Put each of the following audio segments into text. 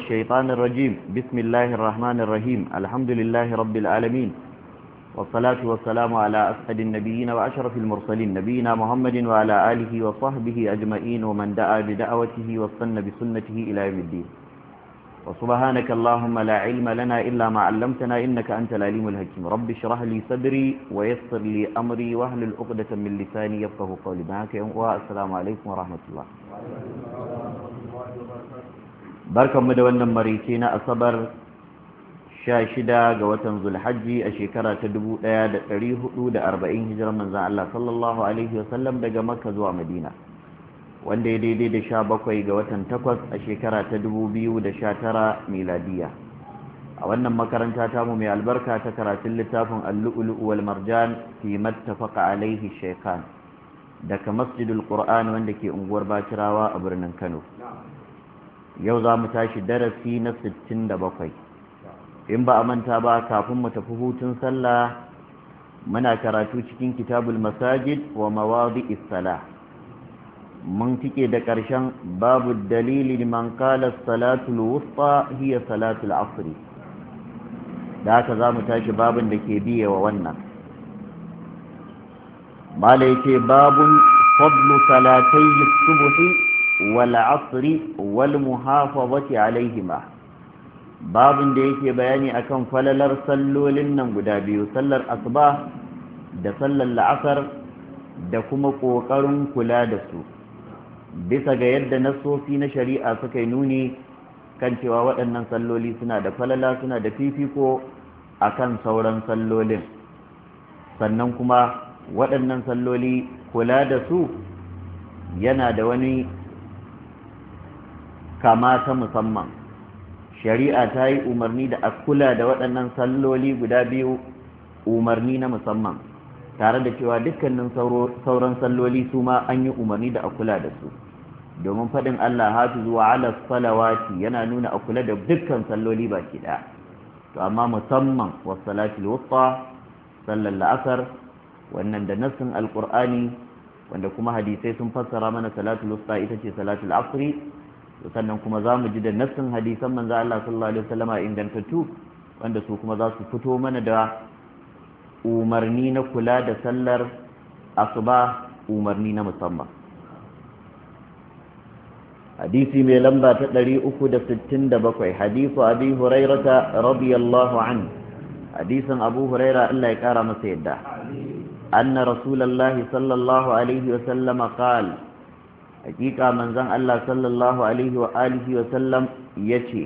الشيطان الرجيم بسم الله الرحمن الرحيم الحمد لله رب العالمين والصلاة والسلام على أسعد النبيين وأشرف المرسلين نبينا محمد وعلى آله وصحبه أجمعين ومن دعا بدعوته واصطن بسنته إلى يوم الدين وسبحانك اللهم لا علم لنا إلا ما علمتنا إنك أنت العليم الحكيم رب اشرح لي صدري ويسر لي أمري واهل العقدة من لساني يفقه قولي معك والسلام عليكم ورحمة الله barkanmu da wannan marice na asabar 16 ga watan zulhajji a shekara ta 1440 hijirar manzan Allah sallallahu alaihi wasallam daga makka zuwa madina wanda ya daidai da 17 ga watan 8 a shekara ta 2019 miladiya a wannan makaranta tamu mai albarka ta karatun littafin allu'ulu wal marjan fi mattafaqa alaihi shaykhan daga masjidul qur'an wanda ke unguwar bakirawa a birnin kano yau za mu tashi darasi na 67 in ba a manta ba kafin mu tafi hutun sallah muna karatu cikin kitabul masajid wa mawadi'is salah mun tike da ƙarshen babu dalili liman qala salatul wusta hiya salatul asr da haka za mu tashi babin da ke biye wa wannan mala yake babun fadlu salatai subhi والعصر والمحافظة عليهما babun da yake bayani akan falalar sallolin nan guda biyu sallar asuba da sallar la'asar da kuma ƙoƙarin kula da su bisa ga yadda nasofi na shari'a suka yi nuni kan cewa waɗannan salloli suna da falala suna da fifiko a kan sauran sallolin sannan kuma waɗannan salloli kula da su yana da wani kama ta musamman shari'a ta yi umarni da a kula da waɗannan salloli guda biyu umarni na musamman tare da cewa dukkanin sauran salloli su ma an yi umarni da a kula da su domin faɗin Allah hafizu wa ala salawati yana nuna a kula da dukkan salloli baki ɗaya to amma musamman wasalatul wusta sallar la'asar wannan da nassin alqur'ani wanda kuma hadisai sun fassara mana salatul wusta ita ce salatul asri sannan kuma za mu ji da nassin hadisan manzo Allah sallallahu alaihi wasallama ingantattu wanda su kuma za su fito mana da umarni na kula da sallar asuba umarni na musamman hadisi mai lamba ta 367 hadisu abi hurairata radiyallahu an hadisin abu huraira Allah ya kara masa yadda anna rasulullahi sallallahu alaihi wasallama qala hakika manzon Allah sallallahu alaihi wa alihi wa sallam yace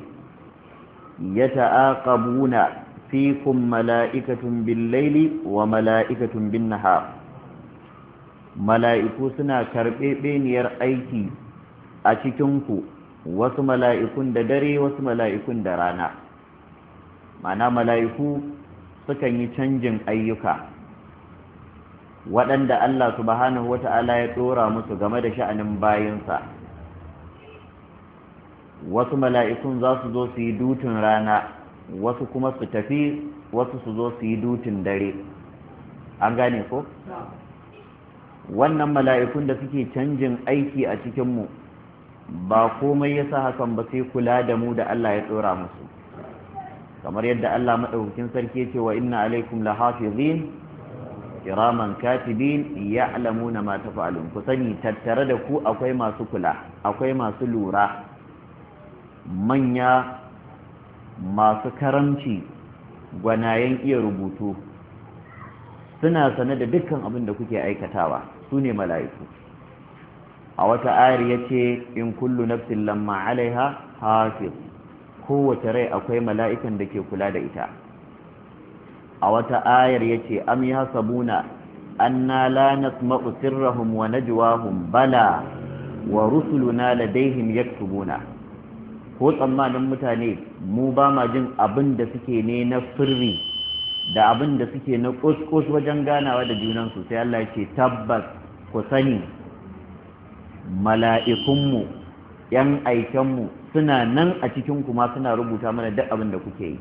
yata'aqabuna fikum mala'ikatun bil-laili wa mala'ikatun bin-nahar mala'iku suna karɓeɓeniyar aiki a cikin ku wasu mala'ikun da dare wasu mala'ikun da rana mana mala'iku sukan yi canjin ayyuka waɗanda Allah subhanahu wata'ala ya tsora musu game da sha'anin bayansa wasu mala'ikun za su zo su yi dutun rana wasu kuma su tafi wasu su zo su yi dutun dare an gane ko? wannan mala'ikun da suke canjin aiki a cikinmu ba komai ya sa hakan ba sai kula da mu da Allah ya tsora musu kamar yadda Allah maɗaukakin sarki ce wa inna alaikum la hafizin kiraman katibin ya'lamuna ma tafa'alun ku sani tattare da ku akwai masu kula akwai masu lura manya masu karamci gwanayen iya rubutu suna sane da dukkan abin da kuke aikatawa su ne mala'iku a wata ayar ya ce in kullu nafsin lamma alaiha hafiz kowace rai akwai mala'ikan da ke kula da ita a wata ayar yace am yahsabuna anna la nasma'u sirrahum wa najwahum bala wa rusuluna ladaihim yaktubuna ko tsammanin mutane mu ba ma jin abin da suke ne na sirri da abin da suke na kuskus wajen ganawa da junansu sai Allah ce tabbas ku sani mala'ikunmu ‘yan aikenmu suna nan a cikinku ma suna rubuta mana duk abin da kuke yi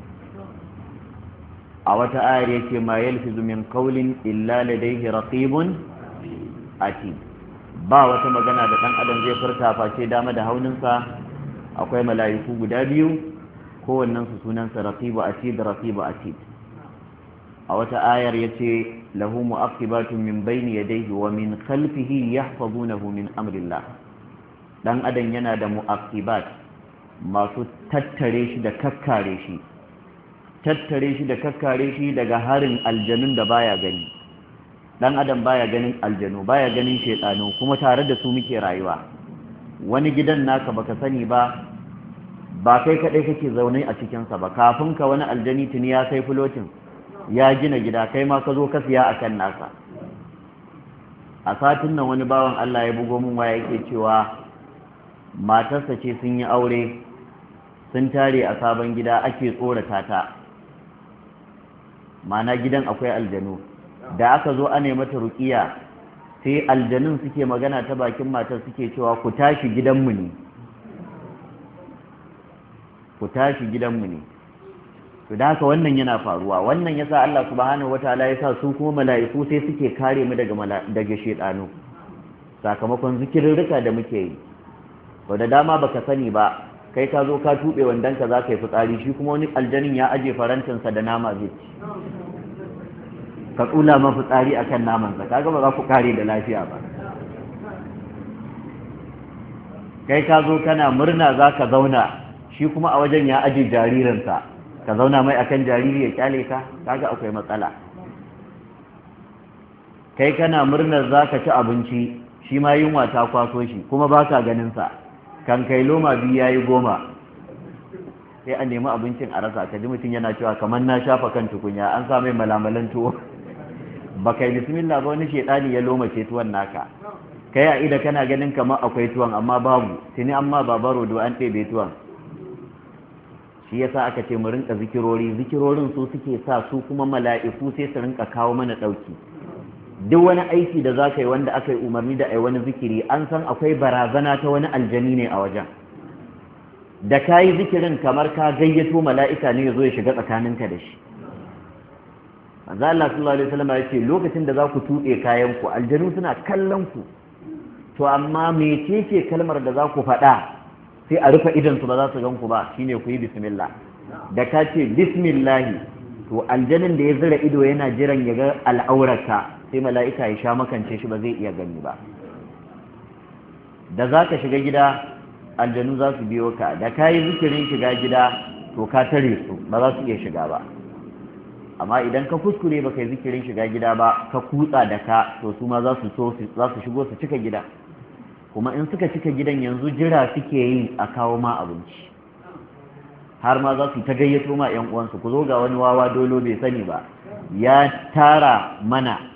a wata ayar yake ma yalfizu min qawlin illa ladayhi raqibun ati ba wata magana da dan adam zai furta face dama da hauninsa akwai mala'iku guda biyu wannan su sunansa raqibu da raqibu ati a wata ayar yace lahu mu'aqibatun min bayni yadayhi wa min khalfihi yahfazunahu min amrillah dan adam yana da mu'aqibat masu tattare shi da kakkare shi tattare shi da kakkare shi daga harin aljanun da baya gani dan adam baya ganin aljanu baya ganin shedanu kuma tare da su muke rayuwa wani gidan naka baka sani ba ba kai kadai kake zaune a cikinsa ba kafin ka wani aljani tuni ya sai fulotin ya gina gida kai ma ka zo ka siya akan kan nasa a satin nan wani bawan Allah ya bugo min waya yake cewa matarsa ce sun yi aure sun tare a sabon gida ake tsorata ta mana gidan akwai aljanu da aka zo ana mata ruqiya sai aljanun suke magana ta bakin matar suke cewa ku tashi gidanmu ne ku tashi gidanmu ne to da haka wannan yana faruwa wannan yasa Allah subhanahu wataala yasa su kuma mala'iku sai suke kare mu daga daga shedanu sakamakon zikirin rika da muke yi to da dama baka sani ba kai ka zo ka tuɓe wandon ka za ka yi fitsari shi kuma wani aljanin ya aje farantinsa da nama zai ci ka tsula ma fitsari a kan namansa kaga ba za ku kare da lafiya ba kai ka zo kana murna za ka zauna shi kuma a wajen ya aje jaririnsa ka zauna mai akan jariri ya kyale ka kaga akwai matsala kai kana murnar za ka ci abinci shi ma yunwa ta kwaso shi kuma ba ka ganinsa kan kai loma biyu ya yi goma sai an nemi abincin a rasa kaji mutum yana cewa kamar na shafa kan tukunya an sa malamalan tuwo ba kai bismillah ba wani shaidani ya loma ce tuwon naka kai a ida kana ganin kamar akwai tuwon amma babu tuni amma babaro do an ɗebe tuwon shi yasa aka ce mu rinka zikirori zikirorin su suke sa su kuma mala'iku sai su rinka kawo mana ɗauki duk wani aiki da za ka yi wanda aka yi umarni da ai wani zikiri an san akwai barazana ta wani aljani ne a wajen da ka yi zikirin kamar ka gayyato mala'ika ne ya zo ya shiga tsakaninka da shi manzo Allah sallallahu alaihi wasallam ya ce lokacin da za ku tuɗe kayan ku aljanu suna kallon ku to amma ce kalmar da za ku faɗa sai a rufe idan su ba za su gan ku ba shine ku yi bismillah da ka ce bismillah to aljanin da ya zira ido yana jiran ya ga al'aurata. sai mala'ika ya sha makance shi ba zai iya gani ba da za ka shiga gida aljanu za su biyo ka da ka yi zikirin shiga gida to ka tare su ba za su iya shiga ba amma idan ka kuskure ba ka yi zikirin shiga gida ba ka kutsa da ka to su ma za su shigo su cika gida kuma in suka cika gidan yanzu jira suke yi a kawo ma abinci har ma za su ta gayyato ma 'yan uwansu ku zo ga wani wawa dolo bai sani ba ya tara mana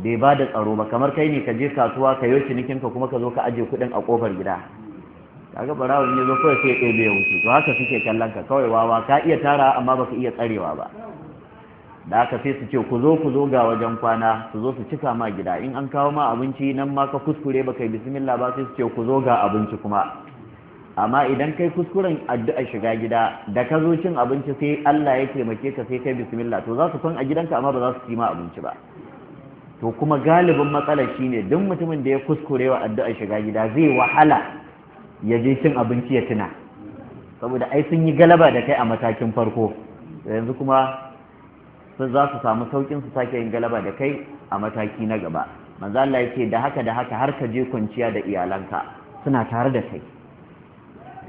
bai ba da tsaro ba kamar kai ne ka je kasuwa ka yi cinikin ka kuma ka zo ka ajiye kuɗin a ƙofar gida kaga barawo ne zo kawai sai ɗaya ya wuce to haka suke kallon ka kawai wawa ka iya tara amma baka iya tsarewa ba da haka sai su ce ku zo ku zo ga wajen kwana su zo su cika ma gida in an kawo ma abinci nan ma ka kuskure baka yi bismillah ba sai su ce ku zo ga abinci kuma amma idan kai kuskuren addu'a shiga gida da ka zo cin abinci sai Allah ya taimake ka sai kai bismillah to za su kwan a gidanka amma ba za su ci ma abinci ba to kuma galibin matsalar ne duk mutumin da ya kuskure wa addu'ar shiga gida zai wahala ya je cin abinci ya tuna saboda ai sun yi galaba da kai a matakin farko yanzu kuma sun za su samu saukin su sake yin galaba da kai a mataki na gaba manzo Allah yake da haka da haka har ka je kwanciya da iyalanka suna tare da kai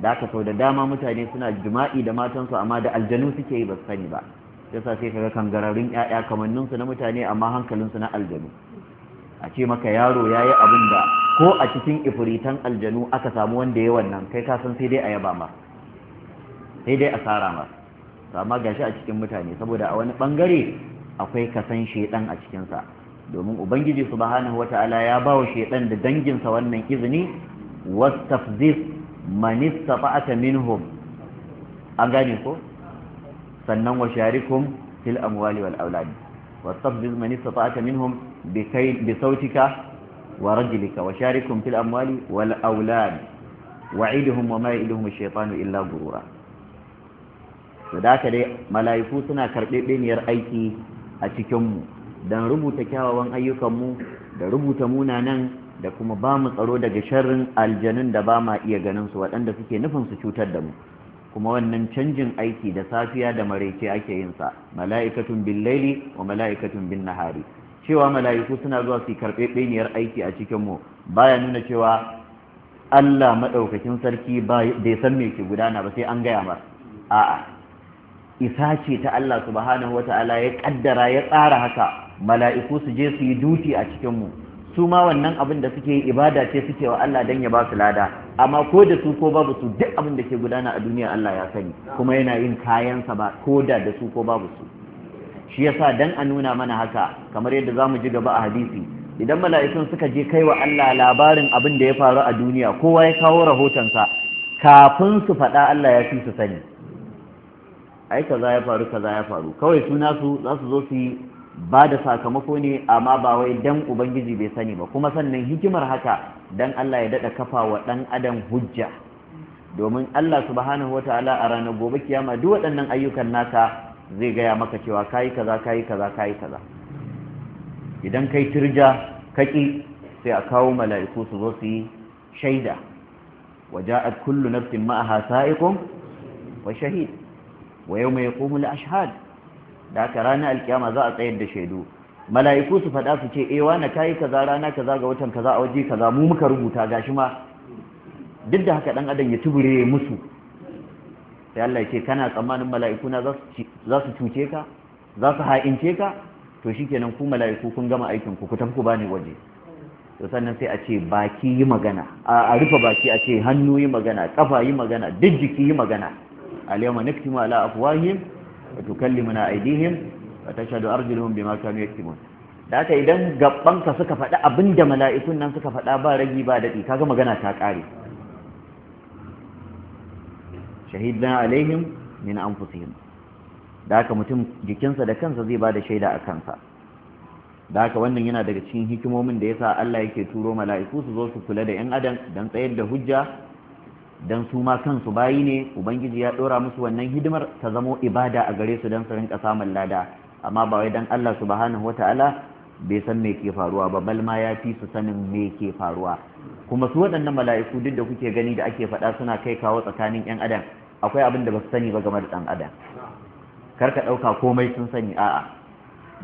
da haka sau da dama mutane suna jima'i da matansu amma da aljanu suke yi ba su sani ba yasa sai kaga kangararin ƴaƴa kamannin su na mutane amma hankalinsu na aljanu a ce maka yaro ya yi abin da ko a cikin ifiritan aljanu aka samu wanda ya wannan kai ka san sai dai a yaba ma sai dai a tsara ma amma gashi a cikin mutane saboda a wani bangare akwai kasan shedan a cikin sa domin ubangiji subhanahu wata'ala ya ba wa shedan da danginsa wannan izini wastafziz manista fa'ata minhum an gane ko sannan wa sharikum fil amwali wal aulad wa tafdhil man istata'ta minhum bi kay bi sawtika wa rajlika wa sharikum fil amwali wal aulad wa'idhum wa ma malaiku suna karbebeniyar aiki a cikin mu dan rubuta kyawawan ayyukan mu da rubuta munanan, da kuma bamu tsaro daga sharrin aljanun da ba iya ganinsu su waɗanda suke nufin su cutar da mu kuma wannan canjin aiki da safiya da maraice ake yin sa mala'ikatun bil laili wa mala'ikatun bin nahari cewa mala'iku suna zuwa su karbe beniyar aiki a cikin mu baya nuna cewa Allah madaukakin sarki bai san me ke gudana ba sai an gaya yamar. a'a isa ce ta Allah subhanahu wata'ala ya kaddara ya tsara haka mala'iku su je su yi duti a cikin mu su ma wannan abin da suke ibada ce suke wa Allah dan ya ba su lada amma ko da su ko babu su duk abin da ke gudana a duniya Allah ya sani kuma yana yin kayansa ba ko da da su ko babu su shi yasa dan a nuna mana haka kamar yadda zamu ji gaba a hadisi idan mala'ikun suka je kai wa Allah labarin abin da ya faru a duniya kowa ya kawo rahoton rahotonsa kafin su faɗa Allah ya fi su sani ai kaza ya faru kaza ya faru kawai suna su za su zo su yi ba da sakamako ne amma ba wai dan ubangiji bai sani ba kuma sannan hikimar haka dan Allah ya dada kafa wa dan adam hujja domin Allah subhanahu wataala a ranar gobe kiyama duk waɗannan ayyukan naka zai gaya maka cewa kayi kaza kayi kaza kayi kaza idan kai turja kaki sai a kawo mala'iku su zo su yi shaida ja'at kullu nafsin ma'aha sa'iqun wa shahid wa yawma yaqumu al-ashhad da haka ranar alkiyama za a tsayar da shaidu mala'iku su faɗa su ce ewa eh, na kayi kaza rana kaza ga watan kaza a waje kaza mu muka rubuta gashi ma duk da haka dan adam ya tubure musu sai Allah ya ce kana tsammanin mala'iku na za su cuce ka za su ha'ince ka to shikenan ku mala'iku kun gama aikin ku ku tafi ku bani waje to sannan sai a ce baki yi magana a rufe baki a ce hannu yi magana kafa yi magana duk jiki yi magana al yawma naktimu ala afwahihim وتكلمنا أيديهم وتشهد أرجلهم بما كانوا يكتبون da haka idan ka suka faɗi abin da mala'ikun nan suka faɗa ba ragi ba daɗi kaga magana ta ƙare shahidna alaihim min anfusihim da haka mutum jikinsa da kansa zai ba da shaida a kansa da haka wannan yana daga cikin hikimomin da yasa Allah yake turo mala'iku su zo su kula da 'yan adam don tsayar da hujja dan su ma kansu bayi ne ubangiji ya dora musu wannan hidimar ta zamo ibada a gare su dan su rinka samun lada amma ba wai dan Allah subhanahu wataala bai san me ke faruwa ba bal ma ya fi su sanin me ke faruwa kuma su waɗannan mala'iku duk da kuke gani da ake faɗa suna kai kawo tsakanin yan adam akwai abin da ba su sani ba game da ɗan adam kar ka ɗauka komai sun sani a'a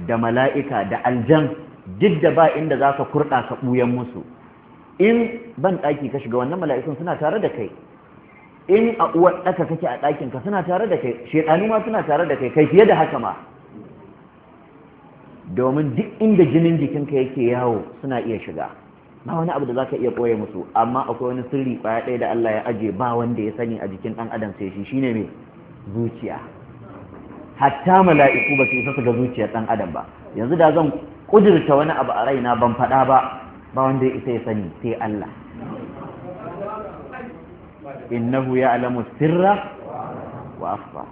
da mala'ika da aljan duk da ba inda zaka ka kurɗa ka ɓuyan musu in ban ɗaki ka shiga wannan mala'ikun suna tare da kai in a uwar ɗaka kake a ɗakinka, ka suna tare da kai shekanu ma suna tare da kai kai fiye da haka ma domin duk inda jinin jikinka yake yawo suna iya shiga ba wani abu da za ka iya koya musu amma akwai wani sirri kwaya ɗaya da Allah ya aje ba wanda ya sani a jikin ɗan adam sai shi shine mai zuciya hatta mala'iku ba su isa su ga zuciyar ɗan adam ba yanzu da zan ƙudurta wani abu a raina ban faɗa ba ba wanda ya isa ya sani sai Allah innahu ya'lamu sirra wa akhfa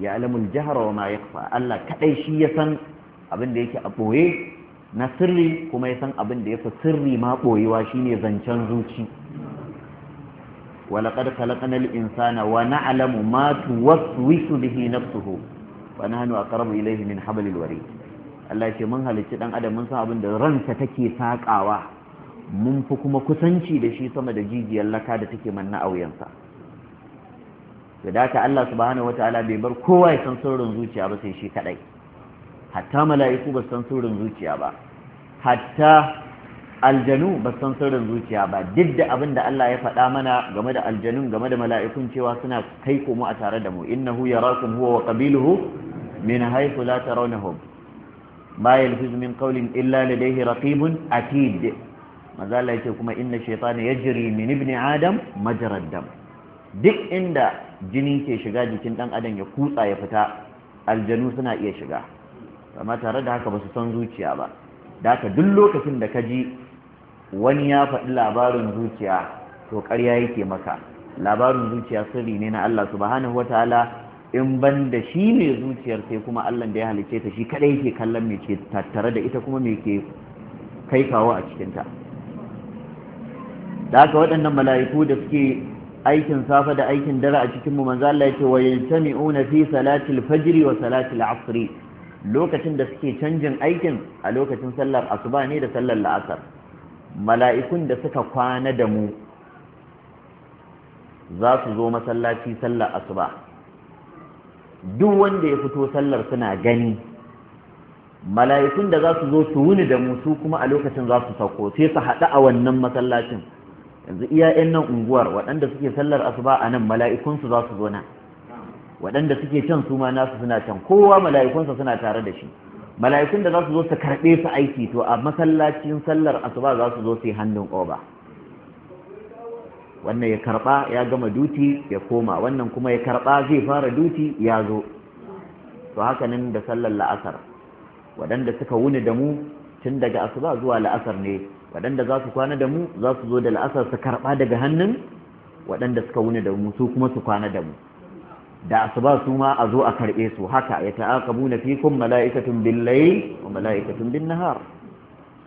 ya'lamu al-jahra wa ma yakhfa Allah kadai shi ya san abin da yake a boye na sirri kuma ya san abin da ya sirri ma boyewa shine zancen zuci ولقد خلقنا الإنسان ونعلم ما توسوس به نفسه ونحن أقرب إليه من حبل الوريد Allah ce mun halicci ɗan adam mun san abin da ransa take sakawa mun fi kuma kusanci da shi sama da jijiyar laka da take manna a wuyansa da haka Allah subhanahu wataala bai bar kowa ya san sirrin zuciya ba sai shi kadai hatta mala'iku ba san sirrin zuciya ba hatta aljanu ba san sirrin zuciya ba duk da abin da Allah ya faɗa mana game da aljanun game da mala'ikun cewa suna kai komo a tare da mu innahu yarakum huwa wa qabiluhu min haythu la tarawnahum ma yalfizu min illa illa dai raqibun atid mazala yake kuma inna shaytana yajri min ibni adam majrad dam duk inda jini ke shiga jikin dan adam ya kutsa ya fita aljanu suna iya shiga amma tare da haka ba su san zuciya ba da haka duk lokacin da ka ji wani ya faɗi labarin zuciya to ƙarya yake maka labarin zuciya sirri ne na Allah subhanahu wataala in ban da shi ne zuciyar sai kuma Allah da ya halice ta shi kadai ke kallon mai ke tattare da ita kuma me ke kai kawo a cikinta da haka waɗannan mala'iku da suke aikin safa da aikin dare a cikin mu manzo Allah yace wa yantami'una fi salatil fajr wa salatil asr lokacin da suke canjin aikin a lokacin sallar asuba ne da sallar la'asar mala'ikun da suka kwana da mu za su zo masallaci sallar asuba duk wanda ya fito sallar suna gani mala'ikun da za su zo su wuni da musu kuma a lokacin za su sauko sai su haɗu a wannan masallacin yanzu iya nan unguwar waɗanda suke sallar asuba a nan mala'ikunsu za su zo na. waɗanda suke can su ma nasu suna can kowa mala'ikunsa suna tare da shi mala'ikun da za su zo su karɓe su aiki to a masallacin sallar asuba za su zo su yi hannun oba wannan ya karba ya gama duti ya koma wannan kuma ya karba zai fara duti ya zo to haka da sallar la'asar waɗanda suka wuni da mu tun daga asuba zuwa la'asar ne waɗanda za su kwana da mu za su zo da la'asar su karɓa daga hannun waɗanda suka wuni da mu su kuma su kwana da mu da asuba su ma a zo a karɓe su haka ya ta'aqabu na fikum mala'ikatun bil wa mala'ikatun bin nahar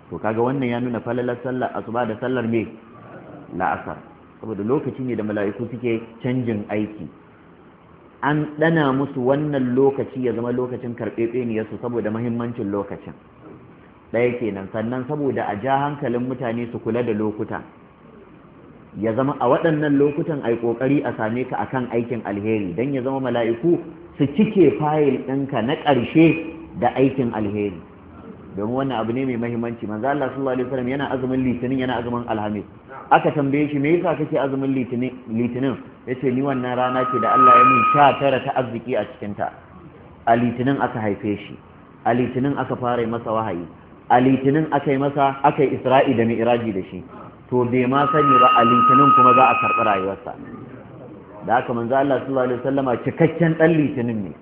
to kaga wannan ya nuna falalar sallar asuba da sallar me la'asar saboda lokaci ne da mala'iku suke canjin aiki an ɗana musu wannan lokaci ya zama lokacin karɓeɓeniyarsu saboda mahimmancin lokacin ɗaya kenan sannan saboda a ja hankalin mutane su kula da lokuta ya zama a waɗannan lokutan ai ƙoƙari a same ka akan aikin alheri don ya zama mala'iku su cike fayil ɗinka na ƙarshe da aikin alheri domin wannan abu ne mai mahimmanci manzo Allah sallallahu alaihi wasallam yana azumin litinin yana azumin alhamis aka tambaye shi me yasa kake azumin litinin yace ni wannan rana ce da Allah ya min sha tara ta arziki a cikin ta a litinin aka haife shi a litinin aka fara masa wahayi a litinin aka yi masa aka yi isra'i da mi'raji da shi to bai ma sani ba a litinin kuma za a karɓi rayuwarsa da haka manzo Allah sallallahu alaihi wasallama cikakken dan litinin ne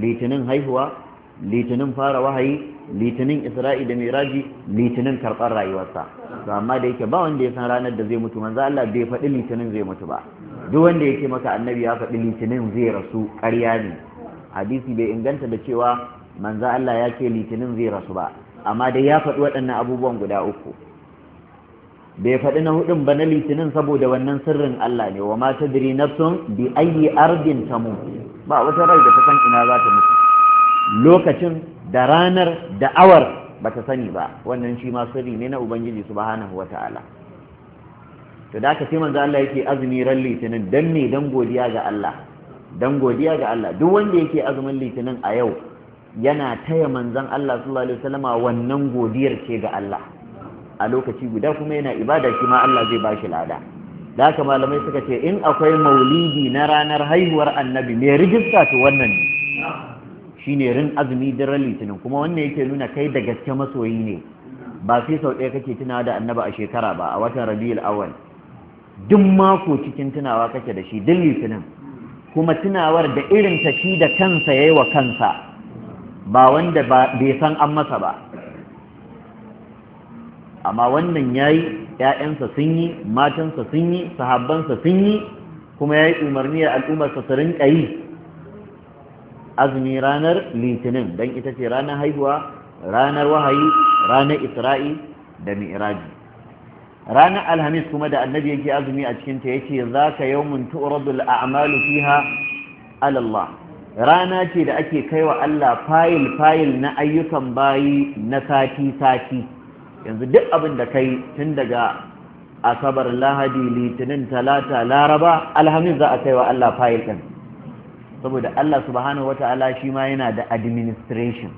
litinin haihuwa litinin fara wahayi litinin isra'i da miraji litinin karɓar rayuwarsa to amma da yake ba wanda ya san ranar da zai mutu manzo Allah bai faɗi litinin zai mutu ba duk wanda yake maka annabi ya faɗi litinin zai rasu ƙarya ne hadisi bai inganta da cewa manzo Allah ya ce litinin zai rasu ba amma dai ya faɗi waɗannan abubuwan guda uku bai faɗi na hudun ba na litinin saboda wannan sirrin Allah ne wa ma tadri nafsun bi ayyi ardin tamut ba wata rai da ta san ina za ta mutu lokacin da ranar da awar ba ta sani ba wannan shi ma sirri ne na ubangiji subhanahu ta'ala. to da aka sai manzo Allah yake azumi ran litinin dan ne dan godiya ga Allah dan godiya ga Allah duk wanda yake azumin litinin a yau yana taya manzon Allah sallallahu alaihi wasallama wannan godiyar ce ga Allah a lokaci guda kuma yana ibada shi ma Allah zai bashi lada da haka malamai suka ce in akwai maulidi na ranar haihuwar annabi mai rijista to wannan Shi ne rin azumi ran litinin kuma wannan yake nuna kai da gaske masoyi ne ba sai sau ɗaya kake tunawa da annaba a shekara ba a watan rabiul awwal duk mako cikin tunawa kake da shi duk litinin kuma tunawar da irin ta shi da kansa yayi wa kansa ba wanda bai san an masa ba amma wannan yayi ƴaƴansa sun yi matansa sun yi sahabbansa sun yi kuma yayi umarni al'ummarsa su rinƙa yi azumi ranar litinin don ita ce ranar haihuwa ranar wahayi ranar isra'i da mi'raji ranar alhamis kuma da annabi yake azumi a cikinta ta ce za ka yawmin tu'radul a'malu fiha alallah rana ce da ake kaiwa Allah fayil fayil na ayyukan bayi na sati sati yanzu duk abin da kai tun daga asabar lahadi litinin talata laraba alhamis za a kaiwa Allah fayil ɗin saboda Allah subhanahu wata'ala shi ma yana da administration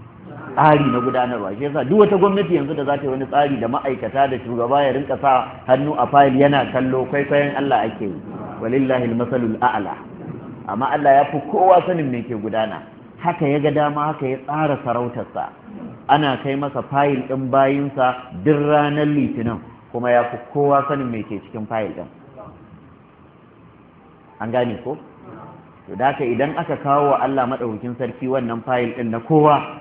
tsari na gudanarwa shi yasa duk wata gwamnati yanzu da za ta yi wani tsari da ma'aikata da shugaba ya rinka sa hannu a fayil yana kallo kwaikwayon Allah ake yi walillahi almasalul a'la amma Allah ya fi kowa sanin me ke gudana haka ya ga dama haka ya tsara sarautarsa ana kai masa fayil ɗin bayinsa duk ranar litinin kuma ya fi kowa sanin me ke cikin fayil din. an gane ko to da idan aka kawo wa Allah madaukakin sarki wannan fayil din na kowa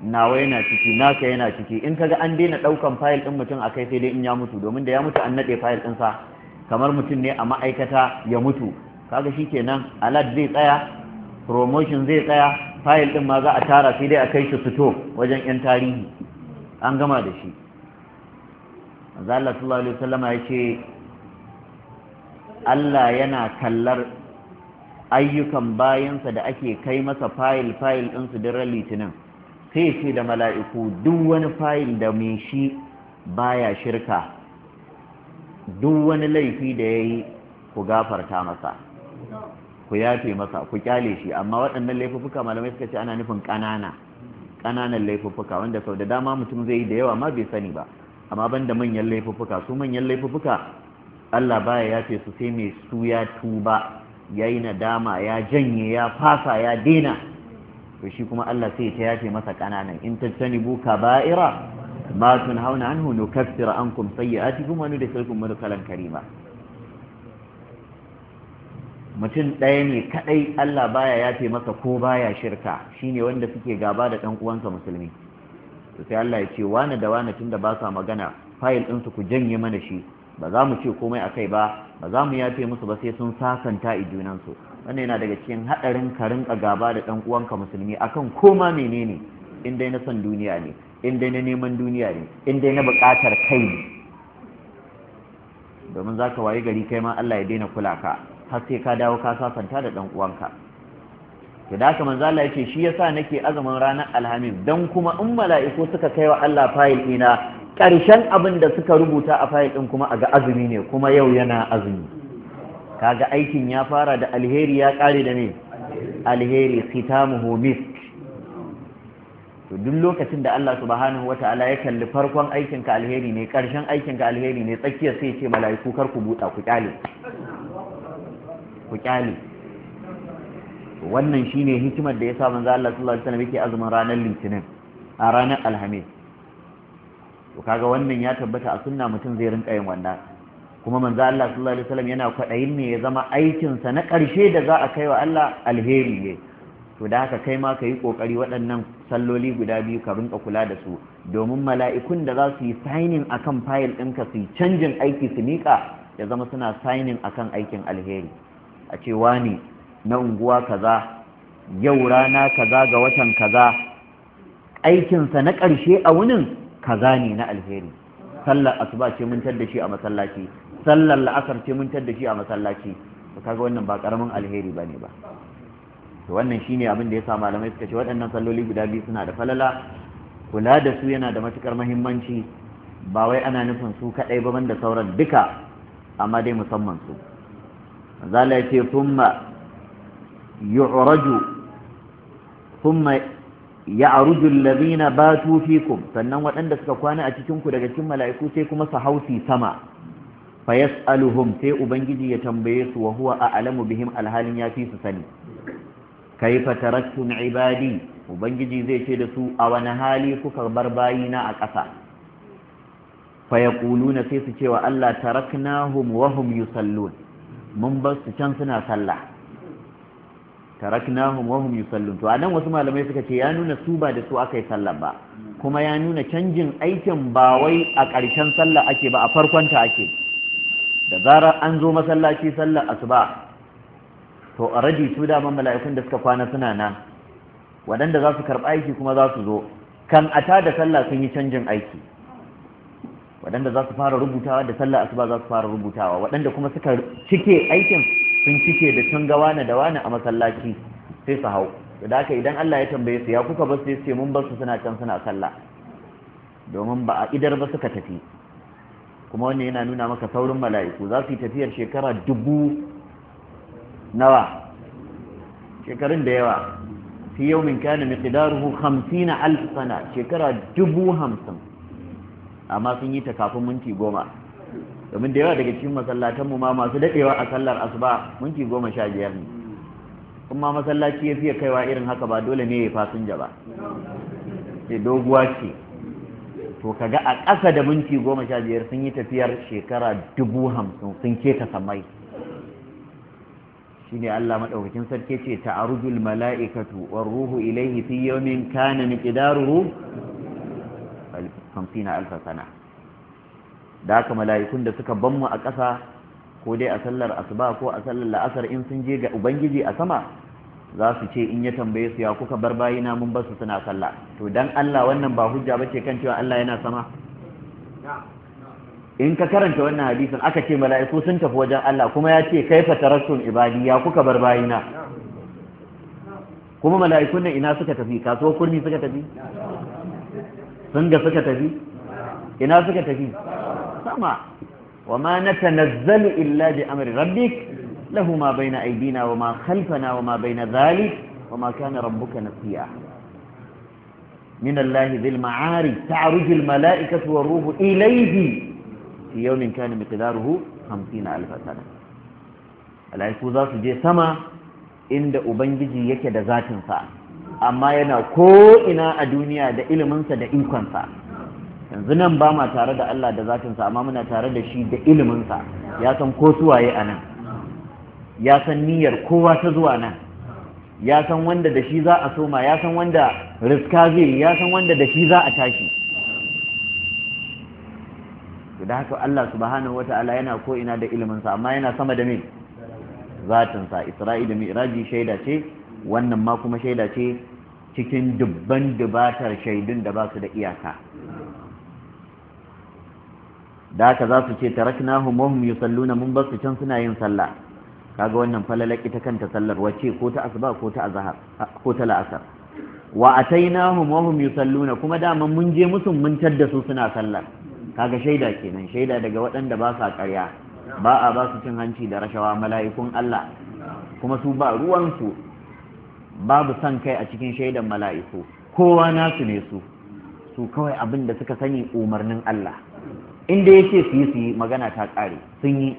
nawa yana ciki naka yana ciki in kaga an daina daukan fayil din mutum akai sai dai in ya mutu domin da ya mutu an nade fayil din sa kamar mutum ne a ma'aikata ya mutu kaga shikenan alad zai tsaya promotion zai tsaya fayil din ma za a tara sai dai a kai shi fito wajen yan tarihi an gama da shi Allah sallallahu alaihi wasallama yace Allah yana kallar ayyukan bayansa da ake kai masa fayil fayil ɗin su daren litinin sai ce da mala'iku duk wani fayil da mai shi baya shirka duk wani laifi da ya yi ku gafarta masa ku yafe masa ku kyale shi amma waɗannan laifuka malamai suka ce ana nufin ƙanana ƙananan laifuka wanda sau da dama mutum zai yi da yawa ma bai sani ba amma ban da manyan laifuka su manyan laifuka Allah baya yafe su sai mai su ya tuba ya yi nadama ya janye ya fasa ya dina to shi kuma Allah sai ta yafe masa kananan in ta buka ba'ira ma tunhauna anhu a ankum wani wa nudkhilukum mudkhalan karima mutum ɗaya ne kadai Allah baya yafe masa ko baya shirka shine wanda suke gaba da ɗan uwansa musulmi to sai Allah ya ce wani da wani tunda ba sa magana fayil ɗinsu ku janye mana shi ba za mu ce komai a kai ba ba za mu yafe musu ba sai sun sasanta a junansu wannan yana daga cikin haɗarin ka rinka gaba da ɗan uwanka musulmi akan koma menene in dai na son duniya ne in dai na neman duniya ne in dai na buƙatar kai ne domin za ka wayi gari kai ma Allah ya daina kula ka har sai ka dawo ka sasanta da ɗan uwanka to da haka manzo Allah yake shi yasa nake azumin ranar alhamis dan kuma in mala'iku suka kai wa Allah fayil ina ƙarshen abin da suka rubuta a fayil ɗin kuma a ga azumi ne kuma yau yana azumi kaga aikin ya fara da alheri ya ƙare da ne alheri mu misk to duk lokacin da Allah subhanahu wata'ala ya kalli farkon aikin ka alheri ne ƙarshen aikin ka alheri ne tsakiyar sai ce mala'iku kar ku buɗa ku ƙyale. ku ƙyale wannan shine hikimar da ya sa manzo Allah sallallahu alaihi wasallam yake azumin ranar litinin a ranar alhamis to kaga wannan ya tabbata a sunna mutum zai rinka yin wannan kuma manzo Allah sallallahu alaihi wasallam yana kwadayin ne ya zama aikin sa na karshe da za a kai wa Allah alheri ne to da haka kai ma ka yi kokari waɗannan salloli guda biyu ka rinka kula da su domin mala'ikun da za su yi signing akan fayil ɗinka su yi canjin aiki su miƙa ya zama suna signing akan aikin alheri a ce wani na unguwa kaza yau rana kaza ga watan kaza aikinsa na ƙarshe a wunin kaza ne na alheri sallar asuba ce mun da shi a masallaci sallar la'asar ce mun da shi a masallaci to kaga wannan ba karamin alheri bane ba to wannan shine abin da yasa malamai suka ce waɗannan salloli guda biyu suna da falala kula da su yana da matukar muhimmanci ba wai ana nufin su kadai ba banda sauran duka amma dai musamman su zala ya ce thumma yu'raju thumma ya arudu allazina batu fikum sannan waɗanda suka kwana a cikinku daga cikin mala'iku sai kuma su hausi sama fa yas'aluhum sai ubangiji ya tambaye su wa huwa a'lamu bihim alhalin ya fi su sani kaifa ibadi ubangiji zai ce da su a wani hali kuka bar bayina a ƙasa fa yaquluna sai su ce wa Allah taraknahum wa hum yusallun mun bar su can suna sallah taraknahum wa hum yusallun to anan wasu malamai suka ce ya nuna su ba da su aka yi sallah ba kuma ya nuna canjin aikin ba wai a ƙarshen sallah ake ba a farkon ta ake da zarar an zo masallaci sallar asuba to already su daman mala'ikun da suka kwana suna nan waɗanda za su karɓi aiki kuma za su zo kan ata da sallah sun yi canjin aiki waɗanda za su fara rubutawa da sallah asuba za su fara rubutawa waɗanda kuma suka cike aikin sun cike da sun ga wani da wani a masallaci sai su hau da haka idan Allah ya tambaye su ya kuka ba sai ce mun bar su suna can suna sallah domin ba a idar ba suka tafi kuma wannan yana nuna maka saurin mala'iku za su yi tafiyar shekara dubu nawa shekarun da yawa fi yawmin kana miqdaruhu hamsin sana shekara dubu hamsin amma sun yi ta kafin minti goma domin da yawa daga cikin mu ma masu daɗewa a sallar asuba minti goma sha biyar ne kuma masallaci ya fiye kaiwa irin haka ba dole ne ya fasinja ba ce doguwa ce to kaga a ƙasa da minti goma sha biyar sun yi tafiyar shekara dubu hamsin sun keta samai shine Allah madaukakin sarki ce ta'arujul mala'ikatu war ruhu ilayhi fi yawmin kana miqdaruhu 50000 alfasana. da haka mala'ikun da suka ban mu a ƙasa ko dai a sallar asuba ko a sallar la'asar in sun je ga ubangiji a sama za su ce in ya tambaye su ya kuka bar bayina mun ba su suna sallah to dan Allah wannan ba hujja bace kan cewa Allah yana sama in ka karanta wannan hadisin aka ce mala'iku sun tafi wajen Allah kuma ya ce kaifa tarassun ibadi ya kuka bar bayina kuma mala'ikun nan ina suka tafi kasuwar kurmi suka tafi sun ga suka tafi ina suka tafi sama wa ma na tanazzalu illa bi amri rabbik lahu ma bayna aydina wa ma khalfana wa ma bayna dhalik wa ma kana rabbuka nasiya min allahi dhil ma'ari ta'ruju al mala'ikatu wa ruhu ilayhi fi yawmin kana miqdaruhu 50 alf sana malaiku za su je sama inda ubangiji yake da zafinsa, amma yana ko'ina a duniya da iliminsa da ikonsa yanzu nan ba ma tare da Allah da zatinsa amma muna tare da shi da iliminsa ya san ko suwaye a nan ya san niyyar kowa ta zuwa nan ya san wanda da shi za a soma ya san wanda riska zai ya san wanda da shi za a tashi da haka Allah subhanahu wata'ala yana ko ina da iliminsa amma yana sama da me zatinsa isra'i da mi'raji shaida ce wannan ma kuma shaida ce cikin dubban dubatar shaidun da basu da iyaka da haka za su ce taraknahum wa mu yusalluna mun bar su can suna yin sallah kaga wannan falalaki ta kanta sallar wace ko ta asuba ko ta azhar ko ta la'asar wa atainahum wa yusalluna kuma dama mun je musu mun tadda su suna sallar kaga shaida kenan shaida daga waɗanda ba sa ƙarya ba a ba su cin hanci da rashawa mala'ikun Allah kuma su ba ruwansu babu son kai a cikin shaidan mala'iku kowa nasu ne su su kawai abin da suka sani umarnin Allah inda ya ce su yi su yi magana ta ƙare sun yi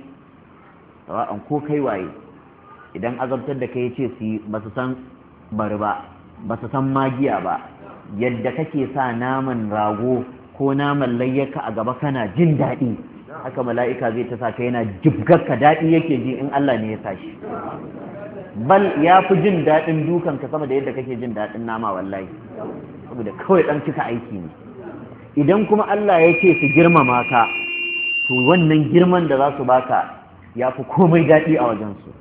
sawa'an ko kai waye idan azabtar da kai yace ce su yi ba su san bari ba ba su san magiya ba yadda kake sa naman rago ko naman layyaka a gaba kana jin daɗi haka mala'ika zai ta sa ka yana jibgarka daɗi yake ji in Allah ne ya sa shi bal ya fi jin daɗin dukan ka sama da yadda kake jin daɗin nama wallahi saboda kawai ɗan cika aiki ne idan kuma Allah ya ce su girmama ka to wannan girman da za su baka ya fi komai daɗi a wajensu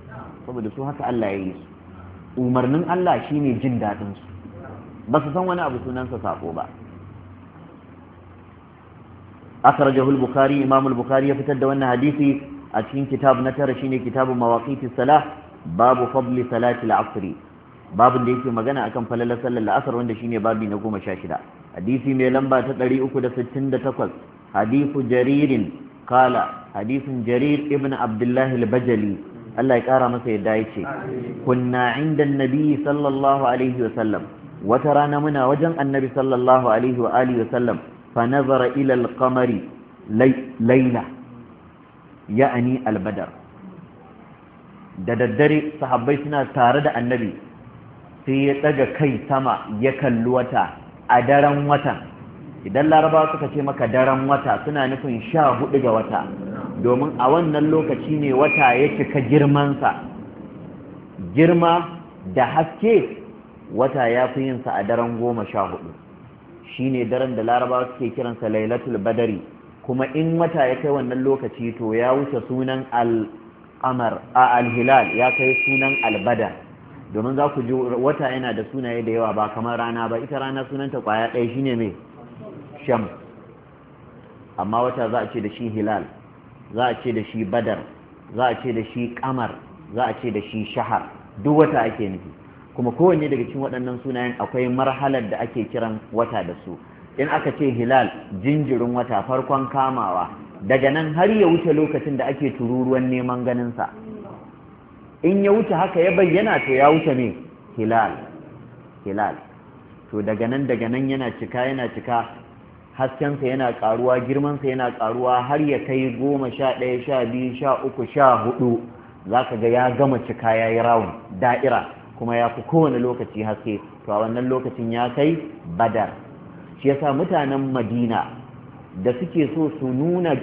saboda su haka Allah ya yi su. umarnin Allah shi ne jin daɗinsu ba su san wani abu sunansa saƙo ba asar jahul Bukhari, imamul Bukhari, ya fitar da wannan hadisi a cikin kitab na tara shine kitabun mawaqiti salah babu fadli salati al babu da yake magana akan falalar sallar la'asar, wanda shine babu na 16 hadisi mai lamba ta 368 hadisu jaririn kala hadisin jarir ibn abdullahi al Allah ya kara masa ya ce kunna inda nabi sallallahu alaihi wa sallam wata rana muna wajen annabi sallallahu alaihi wa alihi wa sallam fa nazara ila layla ya'ani al da daddare sahabbai suna tare da annabi sai ya daga kai sama ya kalli wata a daren wata, idan laraba suka ce maka daren wata suna nufin sha hudu ga wata domin a wannan lokaci ne wata ya cika girmansa girma da haske wata ya fi yinsa a daren goma sha hudu shi ne daren da laraba suke kiransa lailatul badari kuma in wata ya kai wannan lokaci to ya wuce sunan al a al-hilal ya kai sunan Albada. domin za ku ji wata yana da sunaye da yawa ba kamar rana ba ita rana sunanta kwaya ɗaya shine mai sham amma wata za a ce da shi hilal za a ce da shi badar za a ce da shi kamar za a ce da shi shahar duk wata ake nufi kuma kowanne daga cikin waɗannan sunayen akwai marhalar da ake kiran wata da su in aka ce hilal jinjirin wata farkon kamawa daga nan har ya wuce lokacin da ake tururuwan neman ganinsa in ya wuce haka ya bayyana to ya wuce ne hilal hilal to daga nan daga nan yana cika yana cika haskensa yana karuwa girmansa yana karuwa har ya kai goma sha ɗaya sha biyu sha uku sha hudu za ka ga ya gama cika ya yi rawun da'ira kuma ya fi kowane lokaci haske to a wannan lokacin ya kai badar shi yasa mutanen madina da suke so su nuna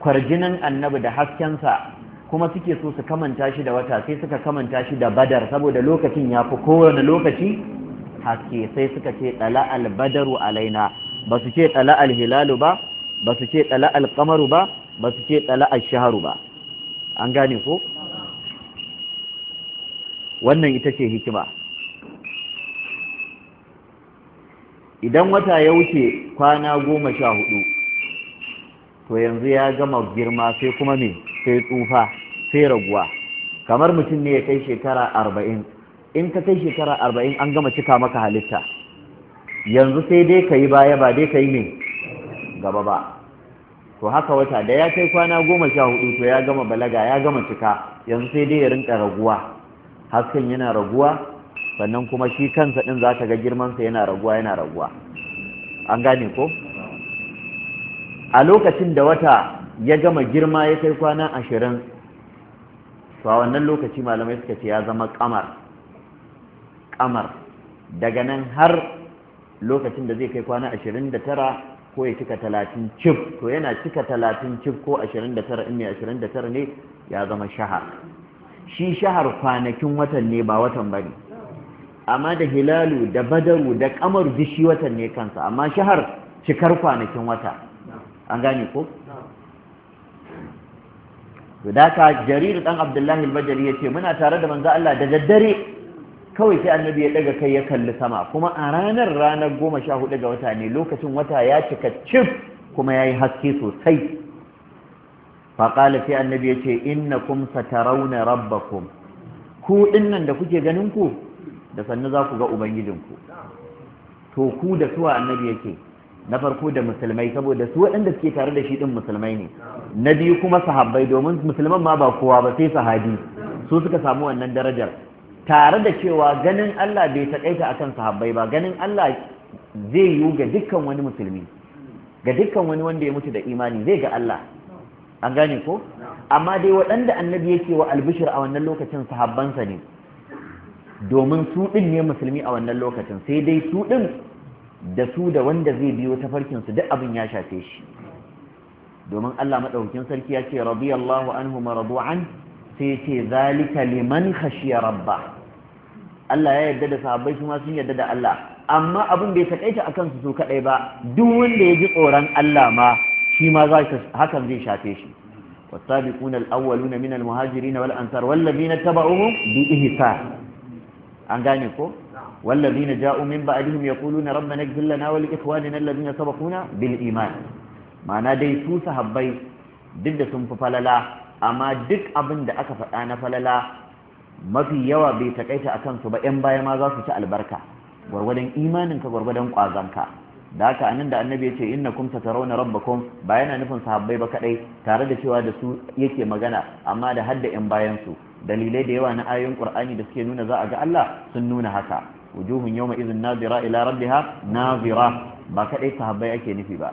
kwarjinan annabi da haskensa kuma suke so su kamanta shi da wata sai suka kamanta shi da badar saboda lokacin ya fi kowane lokaci haske sai suka ce tsala albadaru alaina ba su ce tsala alhilalu ba ba su ce tsala alkamaru ba ba su ce tsala alshaharu ba an gane ko wannan ita ce hikima idan wata ya wuce kwana goma sha hudu to yanzu ya gama girma sai kuma me sai tsufa sai raguwa kamar mutum ne ya kai shekara arba'in in ka kai shekara arba'in an gama cika maka halitta yanzu sai dai ka yi baya ba dai ka yi ne gaba ba to haka wata da ya kai kwana goma sha hudu to ya gama balaga ya gama cika yanzu sai dai ya rinka raguwa hasken yana raguwa sannan kuma shi kansa din za ka ga girmansa yana raguwa yana raguwa an gane ko a lokacin da wata ya gama girma ya kai kwana ashirin to a wannan lokaci malamai suka ce ya zama kamar kamar daga nan har lokacin da zai kai kwana ashirin da tara ko ya cika talatin cif to yana cika talatin cif ko ashirin da tara in ashirin da tara ne ya zama shahar shi shahar kwanakin watan ne ba watan ba ne amma da hilalu da badaru da kamar shi watan ne kansa amma shahar cikar kwanakin wata an gane ko to da ka jarir dan abdullahi al ya yace muna tare da manzo Allah da daddare kawai sai annabi ya daga kai ya kalli sama kuma a ranar ranar 14 ga wata ne lokacin wata ya cika cif kuma yayi haske sosai fa qala sai annabi yace innakum satarawna rabbakum ku dinnan da kuke ganin ku da sannu za ku ga ubangijinku to ku da suwa annabi yake na farko da musulmai saboda su waɗanda suke tare da shi ɗin musulmai ne na biyu kuma sahabbai domin musulman ma ba kowa ba sai sahabi su suka samu wannan darajar tare da cewa ganin Allah bai taƙaita akan sahabbai ba ganin Allah zai yiwu ga dukkan wani musulmi ga dukkan wani wanda ya mutu da imani zai ga Allah an gane ko amma dai waɗanda annabi yake wa albishir a wannan lokacin sahabbansa ne domin su ɗin ne musulmi a wannan lokacin sai dai su ɗin da su da wanda zai biyo tafarkinsu duk abin ya shafe shi domin Allah maɗaukin sarki ya ce radiyallahu anhu maradu'an sai ce zalika liman khashiya rabba Allah ya yarda da sahabbai su ma sun yarda da Allah amma abin bai takaita akan su su kadai ba duk wanda ya ji tsoron Allah ma shi ma hakan zai shafe shi والسابقون الأولون من المهاجرين والأنصار والذين تبعوهم بإحسان an gane ko والذين جاءوا من بعدهم يقولون ربنا اغفر لنا ولإخواننا الذين سبقونا بالإيمان معنى دي su sahabbai duk da sun fi falala amma duk abin da aka faɗa na falala mafi yawa bai takaita akan su ba 'yan baya ma za su ci albarka gwargwadon imaninka gwargwadon ƙwazonka da haka anan da annabi ya ce inna kum satarawna rabbakum ba yana nufin sahabbai ba kaɗai tare da cewa da su yake magana amma da hadda 'yan bayansu. dalilai da yawa na ayoyin ƙur'ani da suke nuna za a ga Allah sun nuna haka wujuhun izin nazira nadira ila rabbiha nazira ba kadai sahabbai ake nufi ba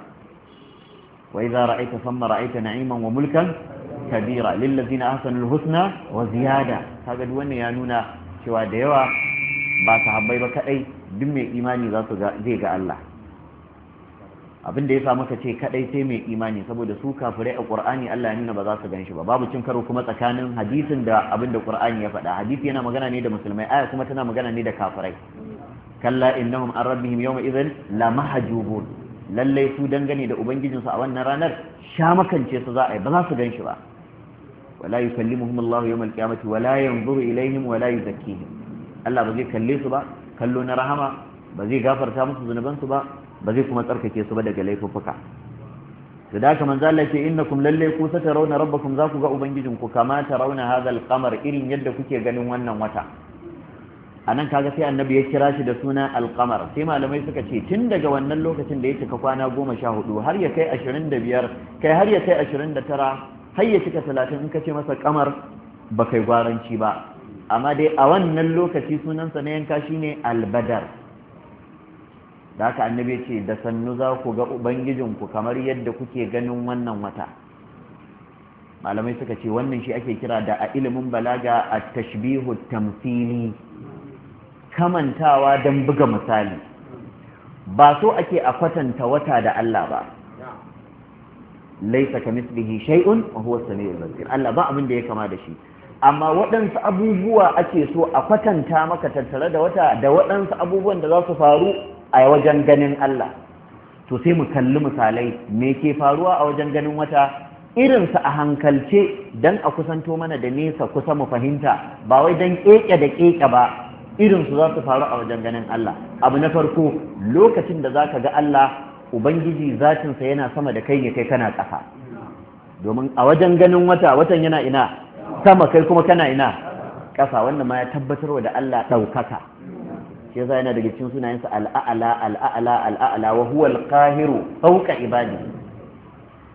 wai idza ra'aita thumma ra'aita na'iman wa mulkan kabira lil na ahsanul husna wa ziyada kaga duk wannan ya nuna cewa da yawa ba sahabbai ba kadai duk mai imani za su ga zai ga Allah abinda ya sa maka ce kadai sai mai imani saboda su kafirai a qur'ani Allah ya nuna ba za su ganshi ba babu cin karo kuma tsakanin hadisin da abinda qur'ani ya faɗa hadisi yana magana ne da musulmai aya kuma tana magana ne da kafirai kalla innahum an rabbihim yawma idhin la mahjubun lalle su dangane da ubangijinsu a wannan ranar sha makance su za a yi ba za su ganshi ba wala yukallimuhum Allah yawmal qiyamati wala yanzuru ilaihim wala yuzakkihim Allah ba zai kalle su ba kallo na rahama ba zai gafarta musu zunubansu ba ba zai kuma tsarkake su ba daga laifuka. to da haka manzo Allah ce innakum lalle ku satarawna rabbakum za ku ga ubangijinku kama tarawna rauna haza qamar irin yadda kuke ganin wannan wata anan kaga sai annabi ya kira shi da suna alkamar sai malamai suka ce tun daga wannan lokacin da ya cika kwana goma sha hudu har ya kai ashirin da biyar kai har ya kai ashirin da tara har ya cika talatin in ka ce masa kamar ba kai gwaranci ba amma dai a wannan lokaci sunansa na yanka shine albadar da haka annabi ce da sannu za ku ga ku kamar yadda kuke ganin wannan wata malamai suka ce wannan shi ake kira da a ilimin balaga a tashbihu tamsili kamantawa don buga misali ba so ake a kwatanta wata da Allah ba laisa ka mislihi shay'un wa huwa samiul basir Allah ba abin da ya kama da shi amma waɗansu abubuwa ake so a kwatanta maka tattare da wata da waɗansu abubuwan da za su faru a wajen ganin Allah to sai mu kalli misalai me ke faruwa a wajen ganin wata irinsa a hankalce don a kusanto mana da nesa kusa mu fahimta ba wai don keke da keke ba irinsu za su faru a wajen ganin Allah abu na farko lokacin da za ka ga Allah Ubangiji zatinsa yana sama da kai ne kai kana ƙasa domin a wajen ganin wata watan yana ina sama kai kuma kana ina ƙasa wannan ma ya tabbatar wa da Allah ɗaukaka shi yasa yana daga cikin sunayensa al'a'la al'a'la al'a'la wa huwa al-qahiru fawqa ibadi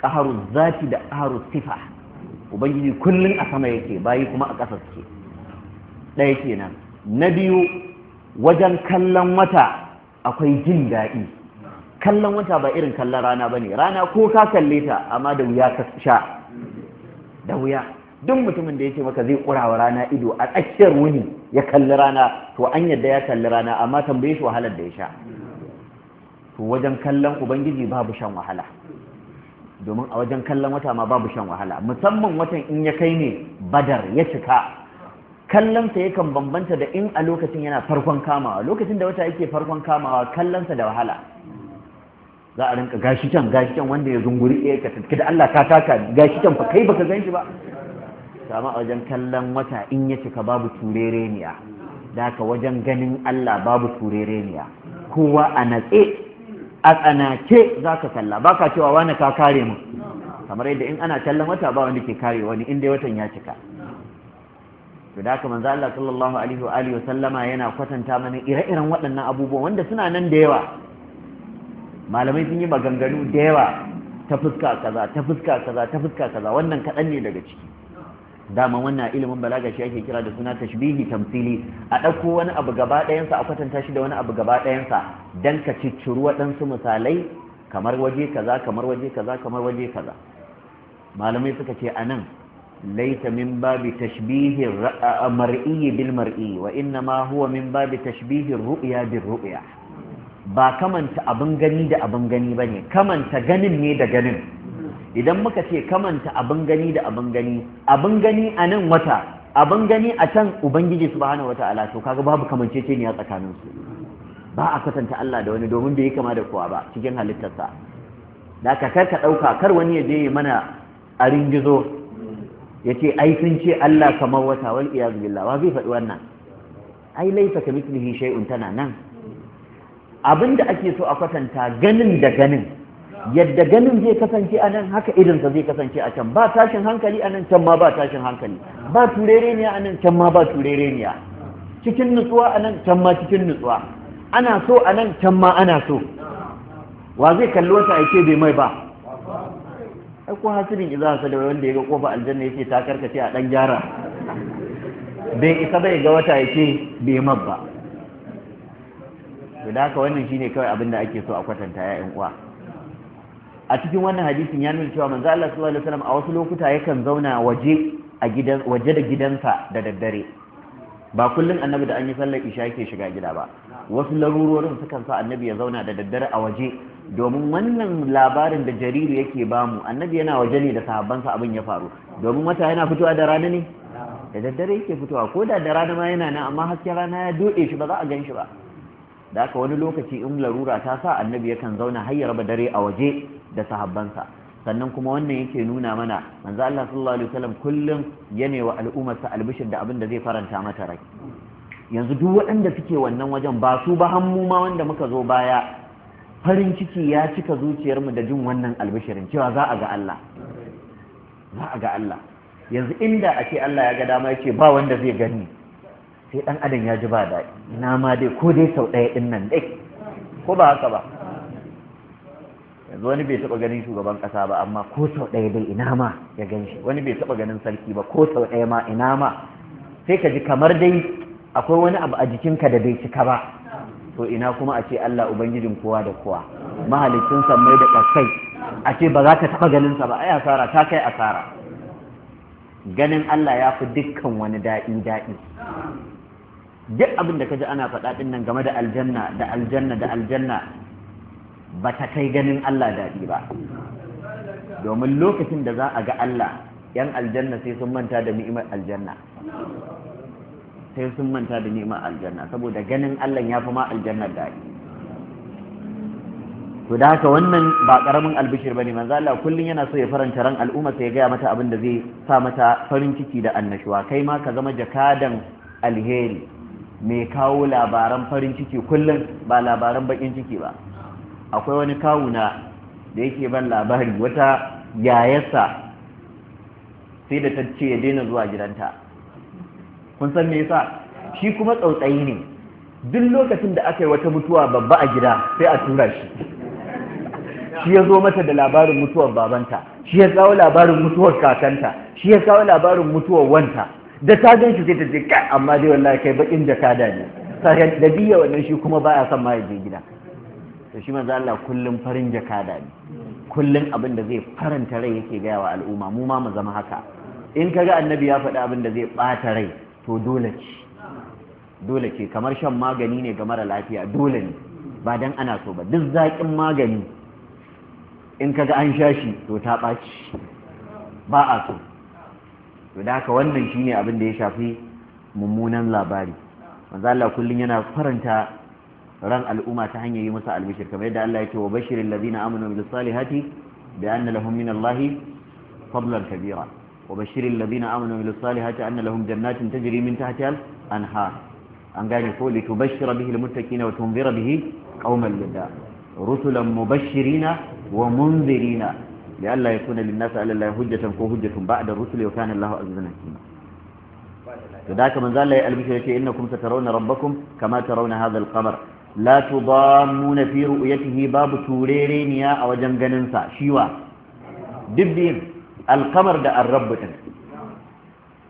qaharu zati da qaharu sifa ubangiji kullun a sama yake bayi kuma a ƙasa suke ɗaya kenan na biyu wajen kallon wata akwai jin daɗi kallon wata ba irin kallon rana ba ne. rana ko ka kalle ta amma da wuya ka sha da wuya duk mutumin da ya ce maka zai kurawa rana ido a tsakiyar wuni ya kalli rana to an yadda ya kalli rana amma tambaye shi wahalar da ya sha to wajen kallon ubangiji babu shan wahala domin a wajen kallon wata ma babu shan wahala musamman watan in ya kai ne badar ya cika kallonsa yakan bambanta da in a lokacin yana farkon kamawa lokacin da wata yake farkon kamawa kallonsa da wahala za a rinka gashi can gashi can wanda ya zunguri ya ka da Allah ka taka gashi can fa kai baka gan shi ba samu a wajen kallon wata in ya cika babu turereniya da ka wajen ganin Allah babu turereniya kowa a natse a tsanake za ka kalla ba ka cewa wani ka kare mu kamar yadda in ana kallon wata ba wanda ke kare wani inda watan ya cika to da haka Allah sallallahu alaihi wa alihi sallama yana kwatanta mana ire-iren waɗannan abubuwan wanda suna nan da yawa malamai sun yi maganganu da yawa ta fuska kaza ta fuska kaza ta fuska kaza wannan kaɗan ne daga ciki dama wannan ilimin balaga shi ake kira da suna tashbihi tamsili a ɗauko wani abu gaba ɗayansa a kwatanta shi da wani abu gaba ɗayansa dan ka cicciri waɗansu misalai kamar waje kaza kamar waje kaza kamar waje kaza malamai suka ce a nan ليس mar'iyi bil تشبيه المرئي بالمرئي وإنما هو من باب تشبيه الرؤيا بالرؤيا با كمن gani غني دا أبن غني بني kamanta ganin ne da ganin. idan muka ce kamanta abin gani da abin gani abin gani a nan wata abin gani a can ubangiji subhanahu wata'ala to kaga babu kamanceceniya tsakanin su ba a kwatanta Allah da wani domin bai yi kama da kowa ba cikin halittarsa da ka kar ka ɗauka kar wani ya je mana a ringizo ya ce ai sun ce Allah kamar wata wal iyaz billah wa zai faɗi wannan ai ka mithlihi shay'un tana nan abin da ake so a kwatanta ganin da ganin yadda ganin zai kasance a nan haka irinsa zai kasance a can ba tashin hankali a nan can ma ba tashin hankali ba turereniya a nan can ma ba turereniya cikin nutsuwa a nan can ma cikin nutsuwa ana so a nan can ma ana so wa zai kalli wata aike bai mai ba ai ko hasirin iza hasa da wanda ya ga kofa aljanna yake ta karkace a dan gyara bai isa bai ga wata yake bai mai ba. da haka wannan shine kawai abin da ake so a kwatanta ya'yan uwa a cikin wannan hadisin ya nuna cewa manzo Allah sallallahu alaihi wasallam a wasu lokuta yakan zauna waje a gidan waje da gidansa da daddare ba kullum annabi da an yi sallar isha yake shiga gida ba wasu larurorin sukan sa annabi ya zauna da daddare a waje domin wannan labarin da jariru yake bamu annabi yana waje ne da sahabbansa abin ya faru domin wata yana fitowa da rana ne da daddare yake fitowa ko da da rana ma yana nan amma hasken rana ya dode shi ba za a gan shi ba da aka wani lokaci in larura ta sa annabi yakan zauna har ya raba dare a waje da sahabbansa sannan kuma wannan yake nuna mana manzo Allah sallallahu alaihi wasallam kullum yana wa sa albishin da abin da zai faranta mata rai yanzu duk waɗanda suke wannan wajen ba su ba hannu ma wanda muka zo baya farin ciki ya cika zuciyarmu da jin wannan albishirin cewa za a ga Allah za a ga Allah yanzu inda ake Allah ya ga dama ya ba wanda zai gani sai dan adam ya ji ba daɗi na ma dai ko dai sau ɗaya ɗin nan dai ko ba haka ba yanzu wani bai taɓa ganin shugaban ƙasa ba amma ko sau ɗaya dai ina ma ya gan shi wani bai taɓa ganin sarki ba ko sau ɗaya ma ina ma sai ka ji kamar dai akwai wani abu a jikinka da bai cika ba to ina kuma a ce Allah ubangijin kowa da kowa mahalicin sammai da ƙasai a ce ba za ka taɓa ganin sa ba ai asara ta kai asara ganin Allah ya fi dukkan wani daɗi daɗi duk abin da ji ana faɗa ɗin nan game da aljanna da aljanna da aljanna ba ta kai ganin Allah daɗi ba domin lokacin da za a ga Allah yan aljanna sai sun manta da ni'imar aljanna sai sun manta da ni'imar aljanna saboda ganin Allah ya fi ma aljanna daɗi to da haka wannan ba karamin albishir bane manzo Allah kullum yana so ya faranta ran al'umma sai ya gaya mata abin da zai sa mata farin ciki da annashuwa kai ma ka zama jakadan alheri mai kawo labaran farin ciki kullum ba labaran bakin ciki ba akwai wani kawuna da yake ban labari wata yayarsa sai da ta ce ya daina zuwa gidanta kun san me yasa shi kuma tsautsayi ne duk lokacin da aka yi wata mutuwa babba a gida sai a tura shi shi ya zo mata da labarin mutuwar babanta shi ya kawo labarin mutuwar kakanta shi ya kawo labarin mutuwar wanta da ta gan shi sai ta ce ka amma dai wallahi kai bakin da ka ne sai da biya wannan shi kuma baya son ma ya je gida to shi manzo Allah kullum farin jakada ne kullum abin da zai faranta rai yake gaya wa al'umma mu ma mu zama haka in kaga annabi ya faɗi abin da zai bata rai to dole ce dole ce kamar shan magani ne ga mara lafiya dole ne ba dan ana so ba duk zaƙin magani in kaga an sha shi to ta ɓaci ba a so to da haka wannan shine abin da ya shafi mummunan labari manzo Allah kullun yana faranta ran al'umma ta hanyar yi musu albishir kamar yadda Allah yake wa bashirin ladina amanu bil salihati bi anna lahum min Allah fadlan kabira wa bashirin ladina amanu bil salihati anna lahum jannatin tajri min tahtiha al anhar an gane ko li tubashshira bihi al muttaqina wa tunzira bihi qauman ladda rusulan mubashshirina wa munzirina da Allah ya kuna linnasa alallahi hujjatan ko hujjatun ba da rusuli wa kana Allahu azizan hakima to da haka manzo Allah ya albisha yake innakum satarawna rabbakum kama tarawna hadha al-qamar la tudammuna fi ru'yatihi babu turereniya a wajen ganin sa shiwa dibbin al da ar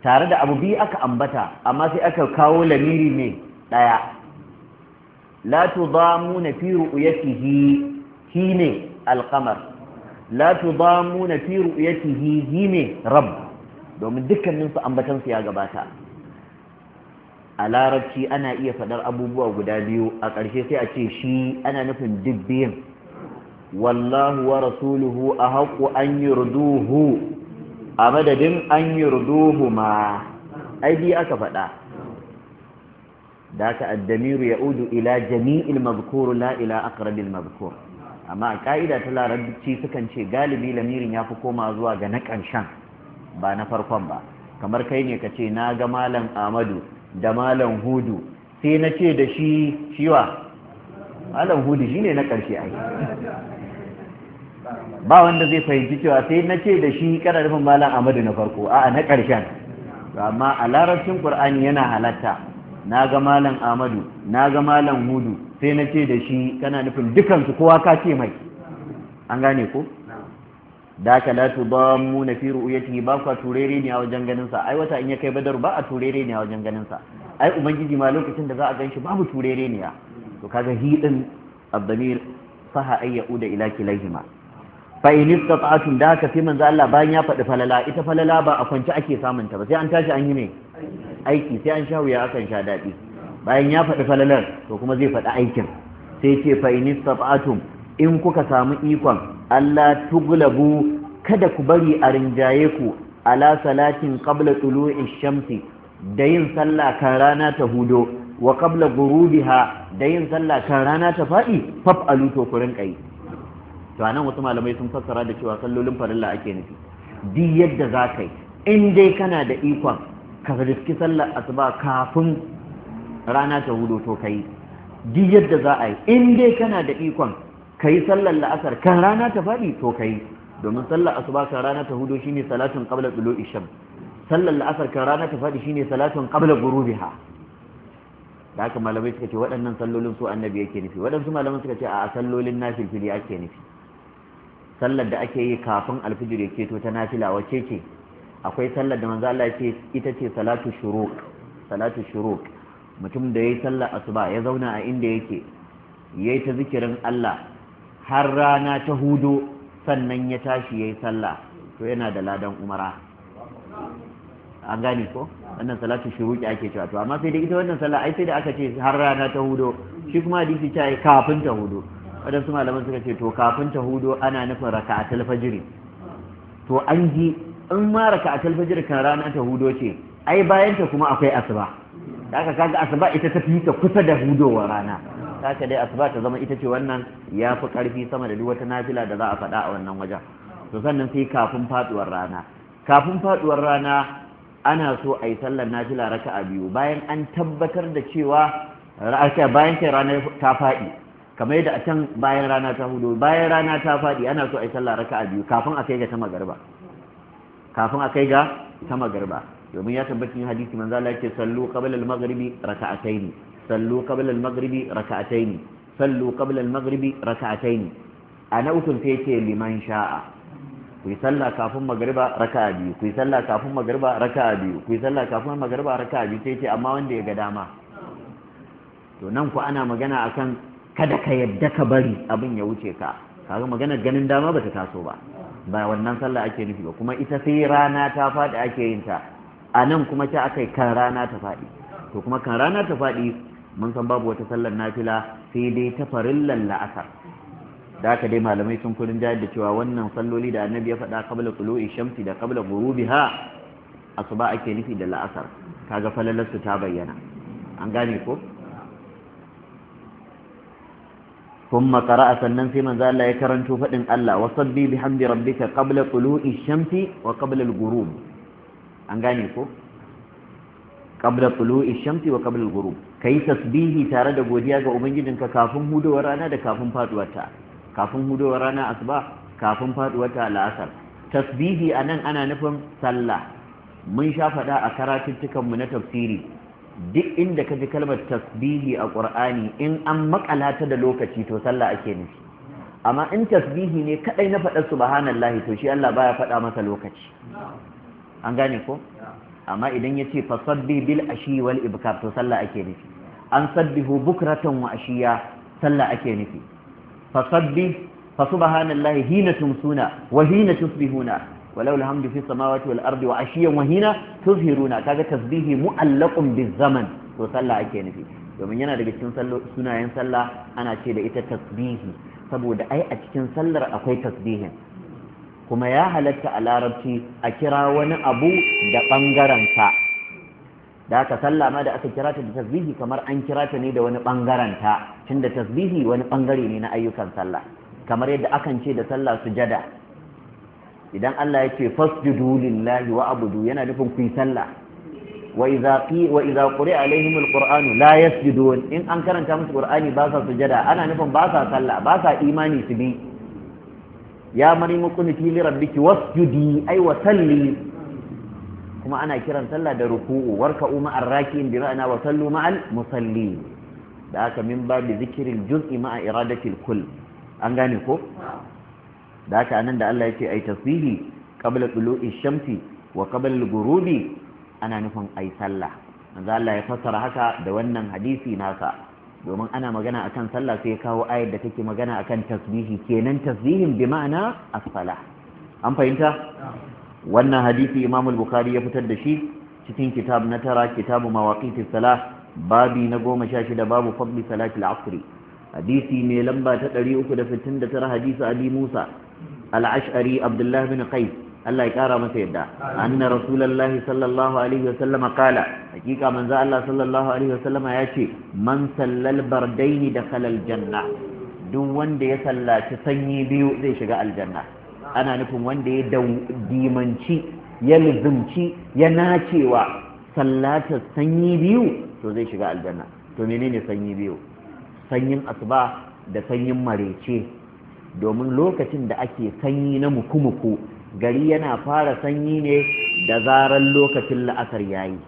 tare da abu biyu aka ambata amma sai aka kawo lamiri ne daya la na fi ru'yatihi shine al-qamar la na fi ru'yatihi hine rabb domin dukkanin su ambatan su ya gabata a larabci ana iya faɗar abubuwa guda biyu a ƙarshe sai a ce shi ana nufin duk biyun wallahu wa rasuluhu a haƙo an yi a madadin an yi ma ai biyu aka faɗa da ka addamiru ya udu ila jami'il mazkuru la ila aqrabil mazkur amma a ka'ida ta larabci sukan ce galibi lamirin ya fi koma zuwa ga na ƙarshen ba na farkon ba kamar kai ne ka ce na ga malam amadu da malam hudu sai na ce da shi shiwa malam hudu shi ne na ƙarshe ai ba wanda zai fahimci cewa sai na ce da shi kana nufin malam amadu na farko a'a na ƙarshen amma a larabcin qur'ani yana halatta na ga malam amadu na ga malam hudu sai na ce da shi kana nufin dukansu kowa ka ce mai an gane ko da ka la tu mu na fi ru'yatihi ba ka turere ne a wajen ganin sa ai wata in ya kai badar ba a turere ne a wajen ganin sa ai ubangiji ma lokacin da za a ganshi babu turere ne to kaga hidin abdamir saha ay yauda ila fa in istata'tum da ka sai za Allah bayan ya faɗi falala ita falala ba a kwance ake samunta. ba sai an tashi an yi ne. aiki sai an sha wuya akan sha dadi. bayan ya faɗi falalar to kuma zai faɗi aikin sai ce fa in in kuka samu ikon Allah tuglabu kada ku bari a rinjaye ku ala salatin qabla tulu'i shamsi da yin sallah kan rana ta hudo wa qabla gurubiha da yin sallah kan rana ta fadi faf aluto ku rinka yi to anan wasu malamai sun fassara da cewa sallolin farilla ake nufi Di yadda za in dai kana da ikon ka riski sallar asuba kafin rana ta hudu to yi. duk yadda za a yi in dai kana da ikon ka yi sallar la'asar kan rana ta faɗi to yi. domin sallar asuba kan rana ta hudu shine salatun qabla tulu'i shams sallar la'asar kan rana ta faɗi shine salatun qabla ghurubiha da haka malamai suka ce waɗannan sallolin su annabi yake nufi waɗansu malamai suka ce a sallolin nafilfili ake nufi sallar da ake yi kafin alfijir ya keto ta nafila wace ce akwai sallar da manzo Allah ya ita ce salatu shuruq salatu shuruq mutum da ya yi sallar asuba ya zauna a inda yake ya yi ta zikirin Allah har rana ta hudu sannan ya tashi ya yi sallah to yana da ladan umara an gane ko wannan salatu shuruki ake cewa to amma sai dai ita wannan sallah ai sai da aka ce har rana ta hudu shi kuma hadisi ta yi kafin ta hudu waɗansu malaman suka ce to kafin ta hudu ana nufin raka'atul fajr to an ji in ma raka'atul fajr kan rana ta hudu ce ai bayan ta kuma akwai asuba haka kaga asuba ita ta fi ta kusa da hudowar rana haka dai asuba ta zama ita ce wannan ya fi ƙarfi sama da duk wata nafila da za a faɗa a wannan wajen to sannan sai kafin faɗuwar rana kafin faɗuwar rana ana so a yi sallar nafila raka'a biyu bayan an tabbatar da cewa ra'aka bayan kai rana ta faɗi kamar yadda a can bayan rana ta hudu bayan rana ta faɗi ana so a yi sallah raka'a biyu kafin a kai ga ta magarba kafin a kai ga ta magarba domin ya tabbaci yin hadisi manzo Allah yake sallu qabla al-maghribi raka'ataini sallu qabla al-maghribi raka'ataini sallu qabla al-maghribi raka'ataini ana ukun sai yake liman sha'a ku yi sallah kafin magariba raka'a biyu ku yi sallah kafin magariba raka'a biyu ku yi sallah kafin magariba raka'a biyu sai ce amma wanda ya ga dama to nan ku ana magana akan kada ka yadda ka bari abin ya wuce ka kaga magana ganin dama bata taso ba ba wannan sallah ake nufi ba kuma ita sai rana ta faɗi ake yin ta a nan kuma ta aka yi kan rana ta faɗi to kuma kan rana ta faɗi mun san babu wata sallar nafila sai dai ta farillan la'asar da aka dai malamai sun kurin jayar da cewa wannan salloli da annabi ya faɗa kabla tulu'i shamsi da kabla ghurubiha asuba ake nufi da la'asar kaga falalarsu ta bayyana an gane ko ثم قرأ سنن في من ذا لا يكرن شوفة إن الله وصبي بحمد ربك قبل طلوع الشمس وقبل الغروب an gane ko qabla tulu'i shamsi wa qabla al-ghurub kai tasbihi tare da godiya ga ubangijinka kafin hudowar rana da kafin faduwar ta kafin hudowar rana asuba kafin faduwar ta la'asar. tasbihi anan ana nufin sallah mun sha faɗa a karatuttukan mu na tafsiri duk inda ka ji kalmar tasbihi a qur'ani in an makala ta da lokaci to sallah ake nufi amma in tasbihi ne kadai na faɗar subhanallahi to shi Allah baya faɗa masa lokaci an gane ko amma idan ya ce fasabbi bil ashi wal ibkar to sallah ake nufi an sabbihu bukratan wa ashiya sallah ake nufi fasabbi fasubhanallahi hina tumsuna wa hina tusbihuna walau alhamdu fi samawati wal ardi wa ashiyan wa hina tuzhiruna kaga tasbihi mu'allaqun biz zaman to sallah ake nufi domin yana daga cikin sunayen sallah ana ce da ita tasbihi saboda ai a cikin sallar akwai tasbihin kuma ya halatta a larabci a kira wani abu da ɓangarensa da aka sallah ma da aka kira ta da tasbihi kamar an kira ta ne da wani ɓangarenta tunda tasbihi wani ɓangare ne na ayyukan sallah kamar yadda akan ce da sallah sujada idan Allah ya ce fasjudu lillahi wa abudu yana nufin ku yi sallah wa idza wa idza quri alaihim alquran la yasjudun in an karanta musu qur'ani ba sa sujada ana nufin ba sa sallah ba sa imani su bi ya maryamu qunuti li rabbiki wasjudi ay wa salli kuma ana kiran sallah da ruku'u warka'u ma'ar raki'in bi ma'ana wa sallu ma'al musalli da haka min babi zikirin juz'i ma'a iradatil kull an gane ko da haka anan da Allah yake ai tasbihi qabla tulu'i shamsi wa qabla al-ghurubi ana nufin ai sallah manzo Allah ya fassara haka da wannan hadisi nasa domin ana magana akan sallah sai kawo ayar da take magana akan tasbihi kenan tasbihin bi ma'ana asfala. an fahimta wannan hadisi Imam al-Bukhari ya fitar da shi cikin kitab na tara kitabu mawaqitis salah babi na goma sha shida babu fadli salati al-asr hadisi mai lamba ta 369 hadisi Ali Musa al-Ash'ari Abdullah bin Qais Allah ya ƙara masa yadda anna rasulullahi sallallahu alaihi wa sallama kala hakika manzo Allah sallallahu alaihi wa sallama ya ce man sallal bardaini dakhala aljanna duk wanda ya sallaci sanyi biyu zai shiga aljanna ana nufin wanda ya dimanci ya lizumci ya nacewa sallata sanyi biyu to zai shiga aljanna to menene sanyi biyu sanyin asuba da sanyin marece domin lokacin da ake sanyi na muku-muku gari yana fara sanyi ne da zarar lokacin la'asar yi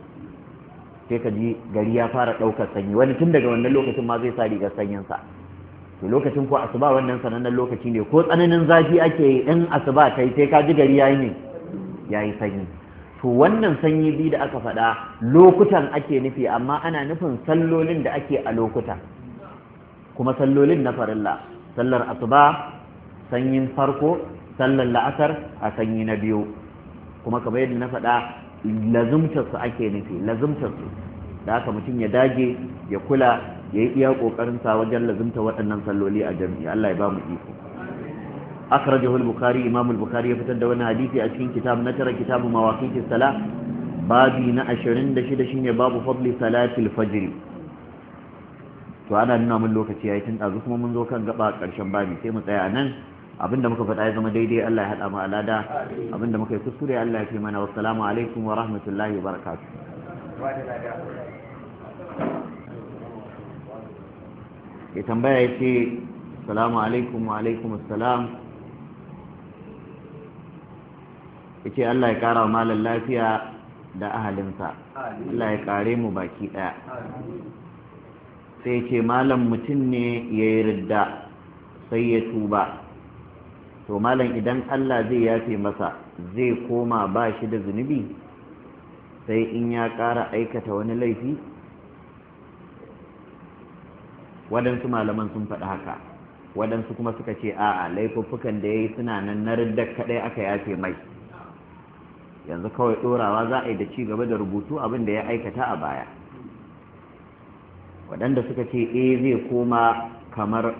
sai ka ji gari ya fara ɗaukar sanyi wani tun daga wannan lokacin ma zai sa rigar sanyinsa to lokacin ko asuba wannan sanannen lokaci ne ko tsananin zafi ake yi in asuba ta yi sai ka ji gari yayi ne yayi sanyi to wannan sanyi biyu da aka faɗa lokutan ake nufi amma ana nufin sallolin da ake a lokuta. kuma sallolin na farilla sallar asuba sanyin farko sallar la'asar a sanyi na biyu kuma kamar yadda na faɗa lazumtarsu ake nufi lazumtarsu da haka mutum ya dage ya kula ya yi iya ƙoƙarinsa wajen lazumta waɗannan salloli a jami'i Allah ya ba mu iko akhrajahu al-bukhari imam al-bukhari ya fitar da wani hadisi a cikin kitab na tara kitabu mawaqit as-salah babi na 26 shine babu fadli salatil fajr to ana nuna mun lokaci yayi tun ɗazu, kuma mun zo kan gaba ƙarshen babi sai mu tsaya nan abinda muka faɗa ya zama daidai Allah ya haɗa mu alada abinda muka yi kuskure Allah ya fi mana wassalamu alaikum wa rahmatullahi wa barakatu ya tambaya ya ce salamu alaikum wa alaikum assalam ya ce Allah ya kara malar lafiya da ahalinsa Allah ya kare mu baki ɗaya. sai ce malam mutum ne ya yi ridda sai ya tuba to malam idan Allah zai yafe masa zai koma ba shi da zunubi sai in ya ƙara aikata wani laifi waɗansu malaman sun faɗi haka waɗansu kuma suka ce a'a laifuffukan da ya yi suna nan na riddar kaɗai aka yafe mai yanzu kawai ɗorawa za a yi da ci gaba da rubutu abin da ya aikata a baya waɗanda suka ce e zai koma kamar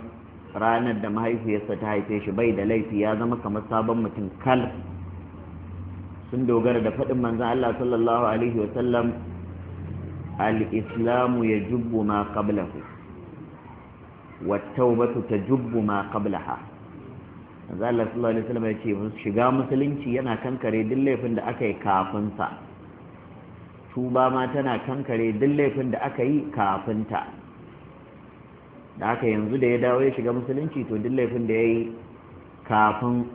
ranar da mahaifiyarsa ta haife shi bai da laifi ya zama kamar sabon mutum kal sun dogara da faɗin manzan Allah sallallahu alaihi wa sallam al-islamu ya jubbu ma qablahu wa taubatu ta jubbu ma qablaha manzan Allah sallallahu alaihi wa sallam ya ce shiga musulunci yana kankare duk laifin da aka yi kafin sa tuba ma tana kankare duk laifin da aka yi kafin ta da aka yanzu da ya dawo ya shiga musulunci to duk laifin da ya yi kafin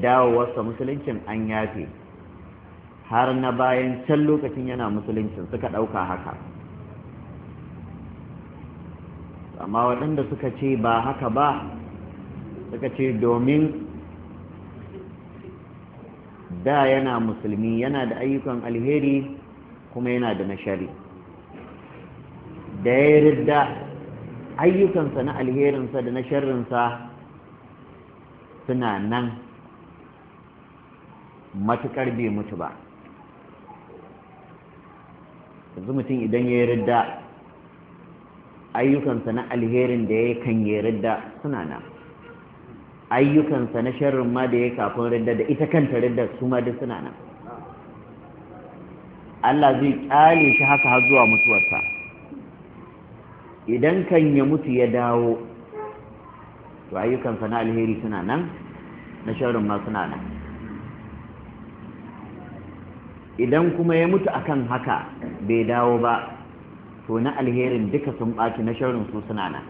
dawo dawowarsa musuluncin an yafe har na bayan can lokacin yana musuluncin suka ɗauka haka amma waɗanda suka ce ba haka ba suka ce domin da yana musulmi yana da ayyukan alheri kuma yana da nashari da ya yi ayyukansa na alherinsa da na sharrinsa suna nan matuƙar bai mutu ba yanzu mutum idan ya ridda ayyukansa na alherin da ya kan ya ridda suna nan ayyukansa na sharrin ma da ya kafin ridda da ita kanta ridda su ma duk suna nan Allah zai kyale shi haka har zuwa mutuwarsa idan kan ya mutu ya dawo to ayyukansa na alheri suna nan na shawarar ma suna nan idan kuma ya mutu akan haka bai dawo ba to na alherin duka sun ɓaci na sharrin su suna nan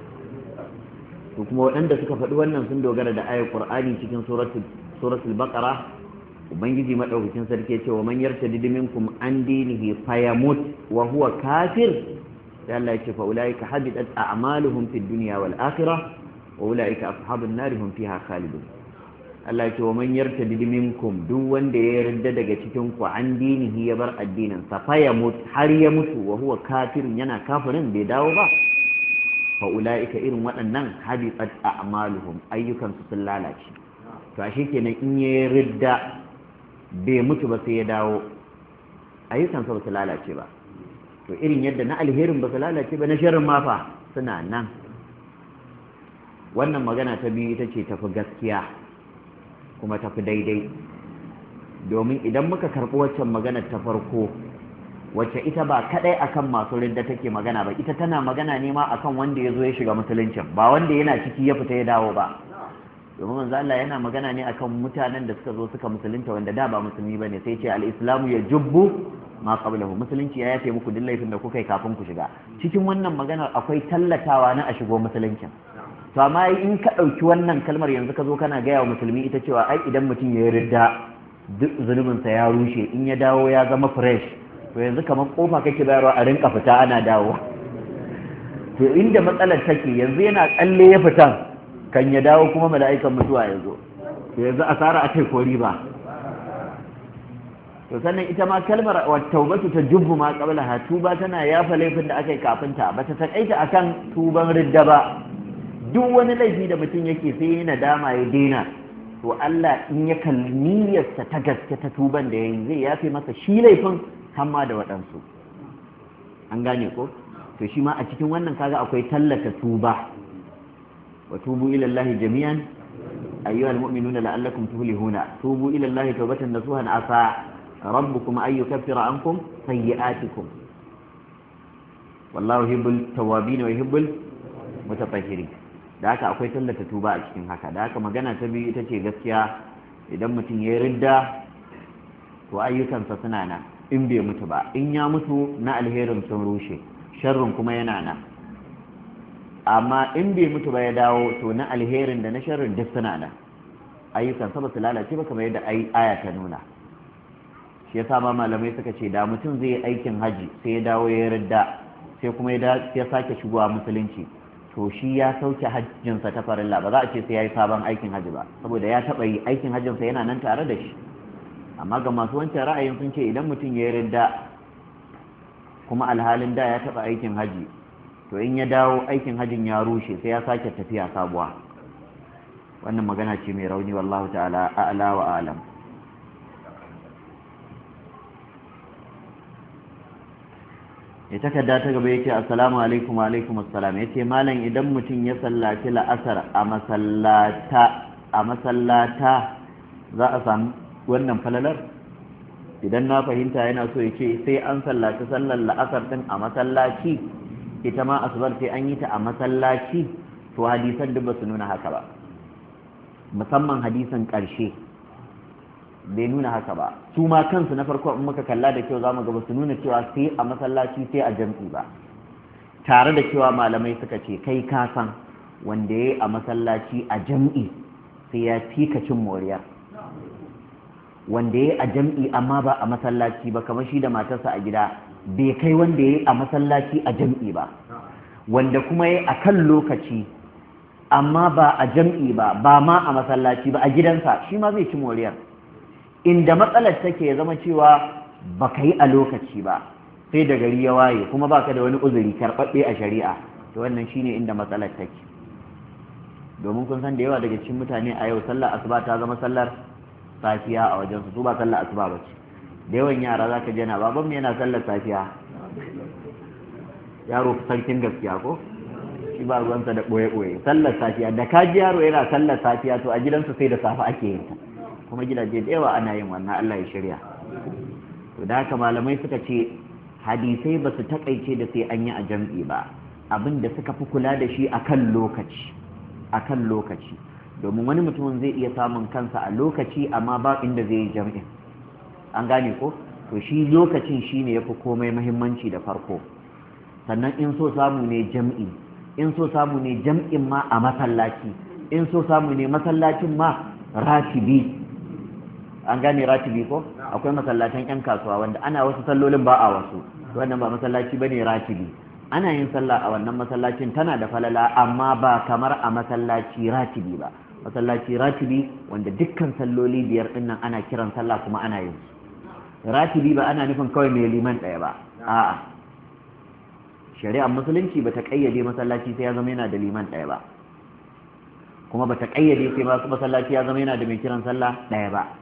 to kuma waɗanda suka faɗi wannan sun dogara da ayar qur'ani cikin suratul baqara ubangiji madaukakin sarki ya ce wa man yartadi minkum an dinihi fayamut wa huwa kafir da Allah yake fa ulaika habidat a'maluhum fid dunya wal akhirah wa ulaika ashabun nar hum fiha khalidun Allah yake ce wa man yartad minkum duk wanda ya yarda daga cikin ku an dinihi ya bar addinin sa fa ya mut har ya mutu wa huwa kafirun yana kafirin bai dawo ba fa ulaika irin waɗannan habidat a'maluhum ayyukan su sun lalace to ashe kenan in ya yarda bai mutu ba sai ya dawo ayyukan sa ba su lalace ba to irin yadda na alherin ba su lalace ba na shirin mafa suna nan wannan magana ta biyu ita ce tafi gaskiya kuma tafi daidai domin idan muka karɓi waccan maganar ta farko wacce ita ba kadai akan masu rinda take magana ba ita tana magana ne ma akan wanda ya zo ya shiga musuluncin ba wanda yana ciki ya fita ya dawo ba domin manzo Allah yana magana ne akan mutanen da suka zo suka musulunta wanda da ba musulmi bane sai ce al ya jubbu. ma qablahu musulunci ya yafe muku duk laifin da kuka yi kafin ku shiga cikin wannan maganar akwai tallatawa na a shigo musuluncin to amma in ka ɗauki wannan kalmar yanzu ka zo kana gaya wa musulmi ita cewa ai idan mutum ya yarda duk zunubinsa ya rushe in ya dawo ya zama fresh to yanzu kamar kofa kake bayarwa a rinka fita ana dawowa to inda matsalar take yanzu yana tsalle ya fita kan ya dawo kuma mala'ikan mutuwa ya zo yanzu asara a kai ko riba to sannan ita ma kalmar taubatu ta jubbu ma kabla ha tuba tana yafa laifin da aka yi kafin ta bata takaita akan tuban ridda ba duk wani laifi da mutum yake sai yana dama ya daina to Allah in ya kalli niyyarsa ta gaske ta tuban da yayi zai yafe masa shi laifin hamma da waɗansu an gane ko to shi ma a cikin wannan kaga akwai tallata tuba wa tubu ila Allah jami'an ayyuhal mu'minuna la'allakum tuflihuna tubu ila Allah tawbatan nasuhan asa rabbukum ay yukaffira ankum sayyi'atikum wallahu yuhibbul tawwabin wa yuhibbul mutatahhirin da haka akwai tallata tuba a cikin haka da haka magana ta biyu ita ce gaskiya idan mutum ya ridda to ayyukansa suna nan in bai mutu ba in ya mutu na alherin sun rushe sharrin kuma yana nan amma in bai mutu ba ya dawo to na alherin da na sharrin duk suna nan ayyukansa ba su lalace ba kamar yadda aya ta nuna shi yasa ma malamai suka ce da mutum zai yi aikin haji sai ya dawo ya rida sai kuma ya sake shigowa musulunci to shi ya sauke hajjinsa ta farilla ba za a ce sai ya yi sabon aikin haji ba saboda ya taɓa yi aikin hajjinsa yana nan tare da shi amma ga masu wancan ra'ayin sun ce idan mutum ya rida kuma alhalin da ya taɓa aikin haji to in ya dawo aikin hajjin ya rushe sai ya sake tafiya sabuwa wannan magana ce mai rauni wallahu ta'ala a'la wa alam ya takarda ta gaba yake assalamu alaikum wa alaikum assalam yace malam idan mutum ya sallaci la'asar a masallata a masallata za a samu wannan falalar idan na fahimta yana so yace sai an sallaci sallar la'asar din a masallaci ita ma asubar sai an yi ta a masallaci to hadisan duk ba su nuna haka ba musamman hadisan ƙarshe bai nuna haka ba su ma kansu na farko in muka kalla da kyau mu ga su nuna cewa sai a masallaci sai a jam'i ba tare da cewa malamai suka ce kai ka san wanda yayi a masallaci a jam'i sai ya fika cin moriya wanda yayi a jam'i amma ba a masallaci ba kamar shi da matarsa a gida bai kai wanda yayi a masallaci a jam'i ba wanda kuma yayi a kan lokaci amma ba a jam'i ba ba ma a masallaci ba a gidansa shi ma zai ci moriyar inda matsalar take ya zama cewa baka yi a lokaci ba sai da gari ya waye kuma baka da wani uzuri karɓaɓɓe a shari'a to wannan shi ne inda matsalar take domin kun san da yawa daga cikin mutane a yau sallar asuba ta zama sallar safiya a wajen su ba sallar asuba ba ce da yawan yara za ka je na baban yana sallar safiya yaro sarkin gaskiya ko shi ba ruwansa da ɓoye-ɓoye sallar safiya da ka ji yaro yana sallar safiya to a gidansu sai da safe ake yin ta kuma gidaje da yawa ana yin wannan Allah ya shirya to da haka malamai suka ce hadisai ba su takaice da sai an yi a jam'i ba abin da suka fi kula da shi akan lokaci akan lokaci domin wani mutumin zai iya samun kansa a lokaci amma ba inda zai yi jam'in an gane ko to shi lokacin shine yafi komai muhimmanci da farko sannan in so samu ne jam'i in so samu ne jam'in ma a masallaci in so samu ne masallacin ma ratibi an gane ratibi ko akwai masallatan yan kasuwa wanda ana wasu sallolin ba a wasu wannan ba masallaci bane ratibi ana yin sallah a wannan masallacin tana da falala amma ba kamar a masallaci ratibi ba masallaci ratibi wanda dukkan salloli biyar din nan ana kiran sallah kuma ana yin ratibi ba ana nufin kawai mai liman ɗaya ba a'a shari'ar musulunci ba ta kayyade masallaci sai ya zama yana da liman ɗaya ba kuma ba ta kayyade sai masallaci ya zama yana da mai kiran sallah ɗaya ba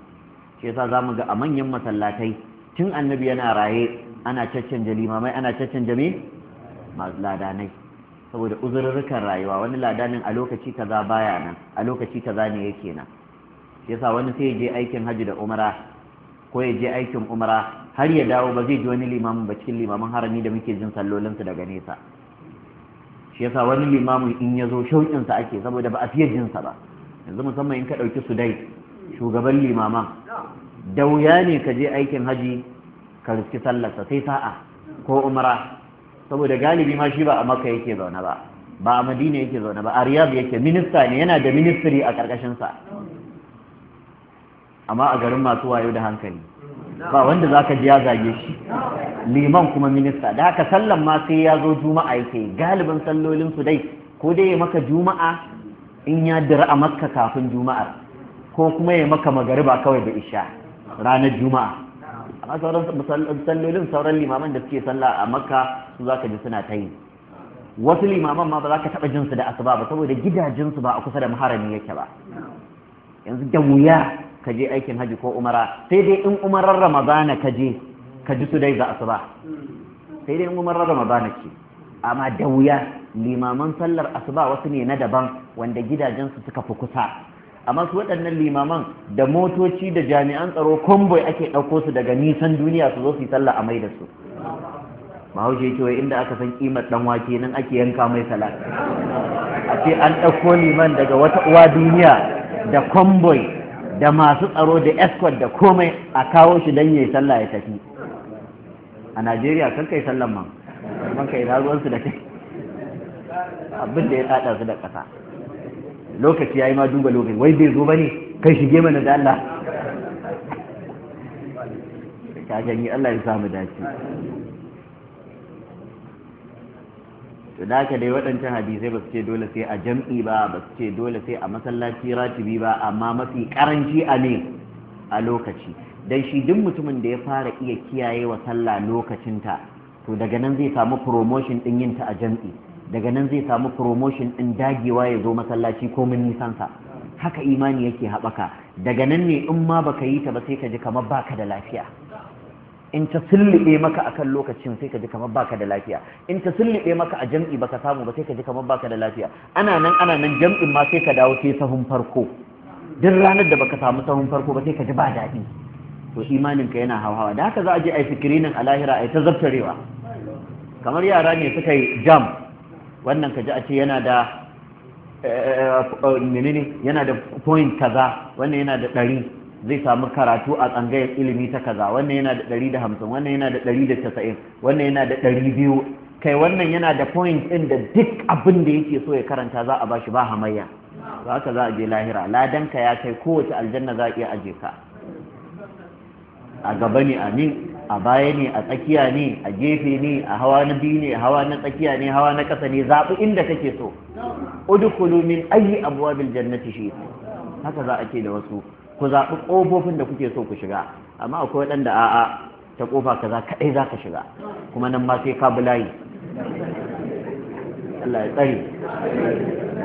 shi yasa mu ga a manyan masallatai tun annabi yana raye ana caccanje limamai ana caccanje me ladanai saboda uzurrukan rayuwa wani ladanin a lokaci kaza baya nan a lokaci kaza ne yake nan shi yasa wani sai ya je aikin haji da umara ko ya je aikin umara har ya dawo ba zai ji wani limamin ba cikin limamin harami da muke jin sallolinsu daga nesa shi yasa wani limamin in ya zo shauƙinsa ake saboda ba a fiye jinsa ba yanzu musamman in ka ɗauki su dai shugaban limaman da wuya ne ka je aikin haji ka riski sallarsa sai sa'a ko umara saboda galibi ma shi ba a maka yake zaune ba ba a madina yake zaune ba a riyab yake minista ne yana da ministry a ƙarƙashinsa amma a garin masu wayo da hankali ba wanda za ka biya ya zage shi liman kuma minista da haka sallan ma sai ya zo juma'a yake galibin sallolinsu dai ko dai ya maka juma'a in ya dira a maka kafin juma'ar ko kuma ya maka magariba kawai da isha ranar juma'a amma sauran sallolin sauran limaman da suke sallah a makka su za ka ji suna ta yi wasu limaman ma ba za ka taɓa jinsu da asuba ba saboda gidajensu ba a kusa da maharami yake ba yanzu da wuya ka je aikin haji ko umara sai dai in umarar ramadana ka je ka ji su dai za asuba sai dai in umarar ramadana ce amma da wuya limaman sallar asuba wasu ne na daban wanda gidajensu suka fi kusa amma su waɗannan limaman da motoci da jami'an tsaro kwamboi ake ɗauko su daga nisan duniya su zo su yi sallah a mai da su mahaushe ce wai inda aka san kimar dan wake nan ake yanka mai salat a ce an ɗauko liman daga wata uwa duniya da kwamboi da masu tsaro da escort da komai a kawo shi don yayi sallah ya tafi a najeriya kan kai sallan man kan kai ruwan ruwansu da kai abin da ya tsada su da ƙasa lokaci ya yi ma duba lokaci wai bai zo ba ne kai shige mana da Allah ta gani Allah ya samu dace to da haka dai waɗancan hadisai ba su ce dole sai a jam'i ba ba su ce dole sai a masallaci ratibi ba amma mafi karanci a ne a lokaci dan shi duk mutumin da ya fara iya kiyaye wa sallah lokacinta to daga nan zai samu promotion din yin ta a jam'i daga nan zai samu promotion ɗin dagewa ya zo masallaci ko mun nisansa haka imani yake haɓaka daga nan ne in ma baka yi ta ba sai ka ji kamar baka da lafiya in ta sulluɓe maka akan lokacin sai ka ji kamar baka da lafiya in ta sulluɓe maka a jam'i baka samu ba sai ka ji kamar baka da lafiya ana nan ana nan jam'in ma sai ka dawo sai sahun farko duk ranar da baka samu sahun farko ba sai ka ji ba daɗi to imanin ka yana hawa da haka za a je a yi fikirinin a lahira a yi ta zabtarewa kamar yara ne suka yi jam wannan ka ji a ce yana da eh, eh, menene yana da point kaza wannan yana da ɗari zai samu karatu a tsangayar ilimi ta kaza wannan yana da ɗari da hamsin wannan yana da ɗari da casa'in wannan yana da ɗari biyu kai wannan yana da point ɗin da duk abin da yake so ya karanta za a ba shi ba hamayya za ka za a je lahira ladanka ya kai kowace aljanna za a iya aje ka a gaba ne amin a baya ne a tsakiya ne a gefe ne a hawa na biyu ne hawa na tsakiya ne hawa na ƙasa ne zaɓi inda kake so udkhulu min ayi abwabil jannati shi haka za a ce da wasu ku zaɓi ƙofofin da kuke so ku shiga amma akwai waɗanda a'a ta ƙofa kaza kaɗai za ka shiga kuma nan ma sai ka bi layi Allah ya tsare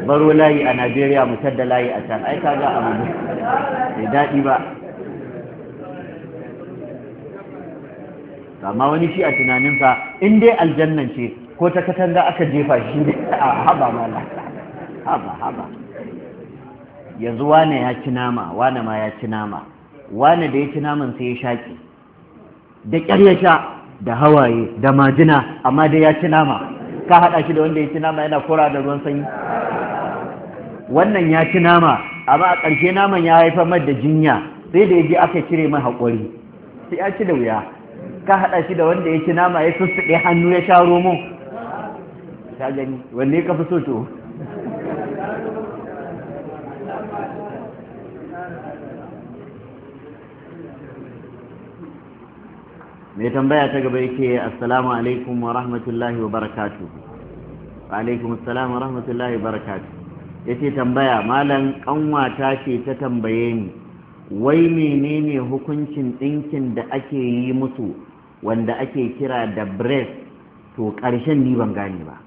baro layi a Najeriya mu tadda layi a can ai kaga abu bai daɗi ba sa amma wani shi a tunaninsa in dai aljannan ce ko ta katanga aka jefa shi ne a haba mala haba haba yanzu wane ya ci nama wane ma ya ci nama wane da ya ci naman sai ya shaki da ƙyar ya sha da hawaye da majina amma dai ya ci nama ka haɗa shi da wanda ya ci nama yana kora da ruwan sanyi wannan ya ci nama amma a ƙarshe naman ya haifar da jinya sai da ya ji aka cire mai haƙuri sai ya ci da wuya ka haɗa shi da wanda ya ci nama ya sussuɗe hannu ya sha romo ta gani wanne ka fi so to mai tambaya ta gaba yake assalamu alaikum wa rahmatullahi wa barakatu wa alaikum assalamu wa rahmatullahi wa barakatu yace tambaya malam kanwata ce ta tambaye ni wai menene hukuncin ɗinkin da ake yi musu wanda ake kira da breast to ƙarshen ni ban gane ba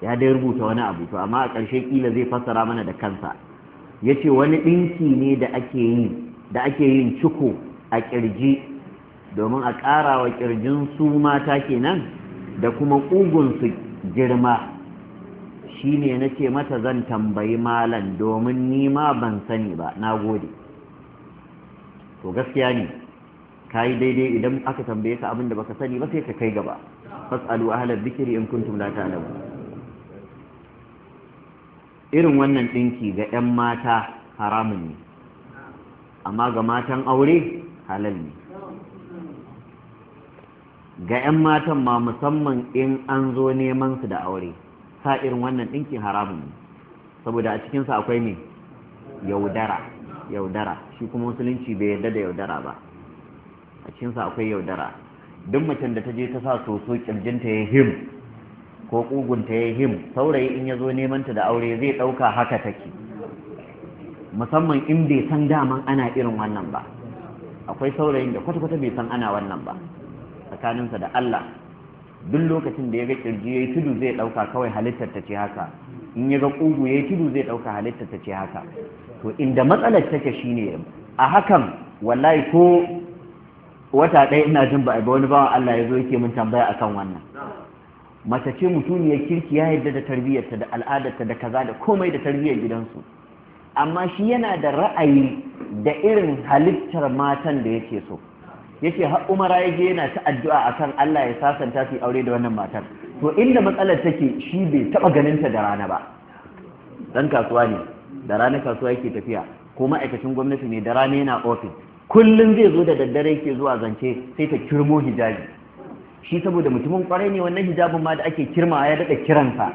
ya dai rubuta wani abu to amma a ƙarshe kila zai fassara mana da kansa ya ce wani ɗinki ne da ake yi da ake yin ciko a ƙirji domin a ƙara wa ƙirjin su mata kenan da kuma ƙugunsu girma shi ne na ce mata zan tambayi malam domin nima ban sani ba na gode to gaskiya ne Ka yi daidai idan aka tambaye ka abin da ka sani ba sai ka kai gaba fasalu ahlal dhikri in kuntum la ta'lamun irin wannan dinki ga ƴan mata haramun ne amma ga matan aure halal ne ga 'yan matan ma musamman in an zo neman su da aure sa irin wannan dinki haramun ne saboda a sa akwai ne yaudara yaudara shi kuma musulunci bai yarda da yaudara ba a cikinsa akwai yaudara duk macen da ta je ta sa soso kirjinta ya him ko ƙugunta ya him saurayi in ya zo nemanta da aure zai ɗauka haka take musamman in bai san daman ana irin wannan ba akwai saurayin da kwata-kwata bai san ana wannan ba tsakaninsa da Allah duk lokacin da ya ga kirji ya yi tudu zai ɗauka kawai halittar ta ce haka in ya ga ƙugu ya yi tudu zai ɗauka halittar ta ce haka to inda matsalar take shine a hakan wallahi ko wata ɗaya ina jin ba a ba wani bawan Allah ya zo yake mun tambaya akan wannan mace ce ya kirki ya yarda da tarbiyyarta da al'adarta da kaza da komai da tarbiyyar gidansu amma shi yana da ra'ayi da irin halittar matan da yake so yake har umara ya yana ta addu'a akan Allah ya sasanta su aure da wannan matar to inda matsalar take shi bai taba ganin ta da rana ba dan kasuwa ne da rana kasuwa yake tafiya ko ma'aikacin gwamnati ne da rana yana ofis kullum zai zo da daddare yake zuwa zance sai ta kirmo hijabi shi saboda mutumin kwarai ne wannan hijabin ma da ake kirma ya daɗa kiransa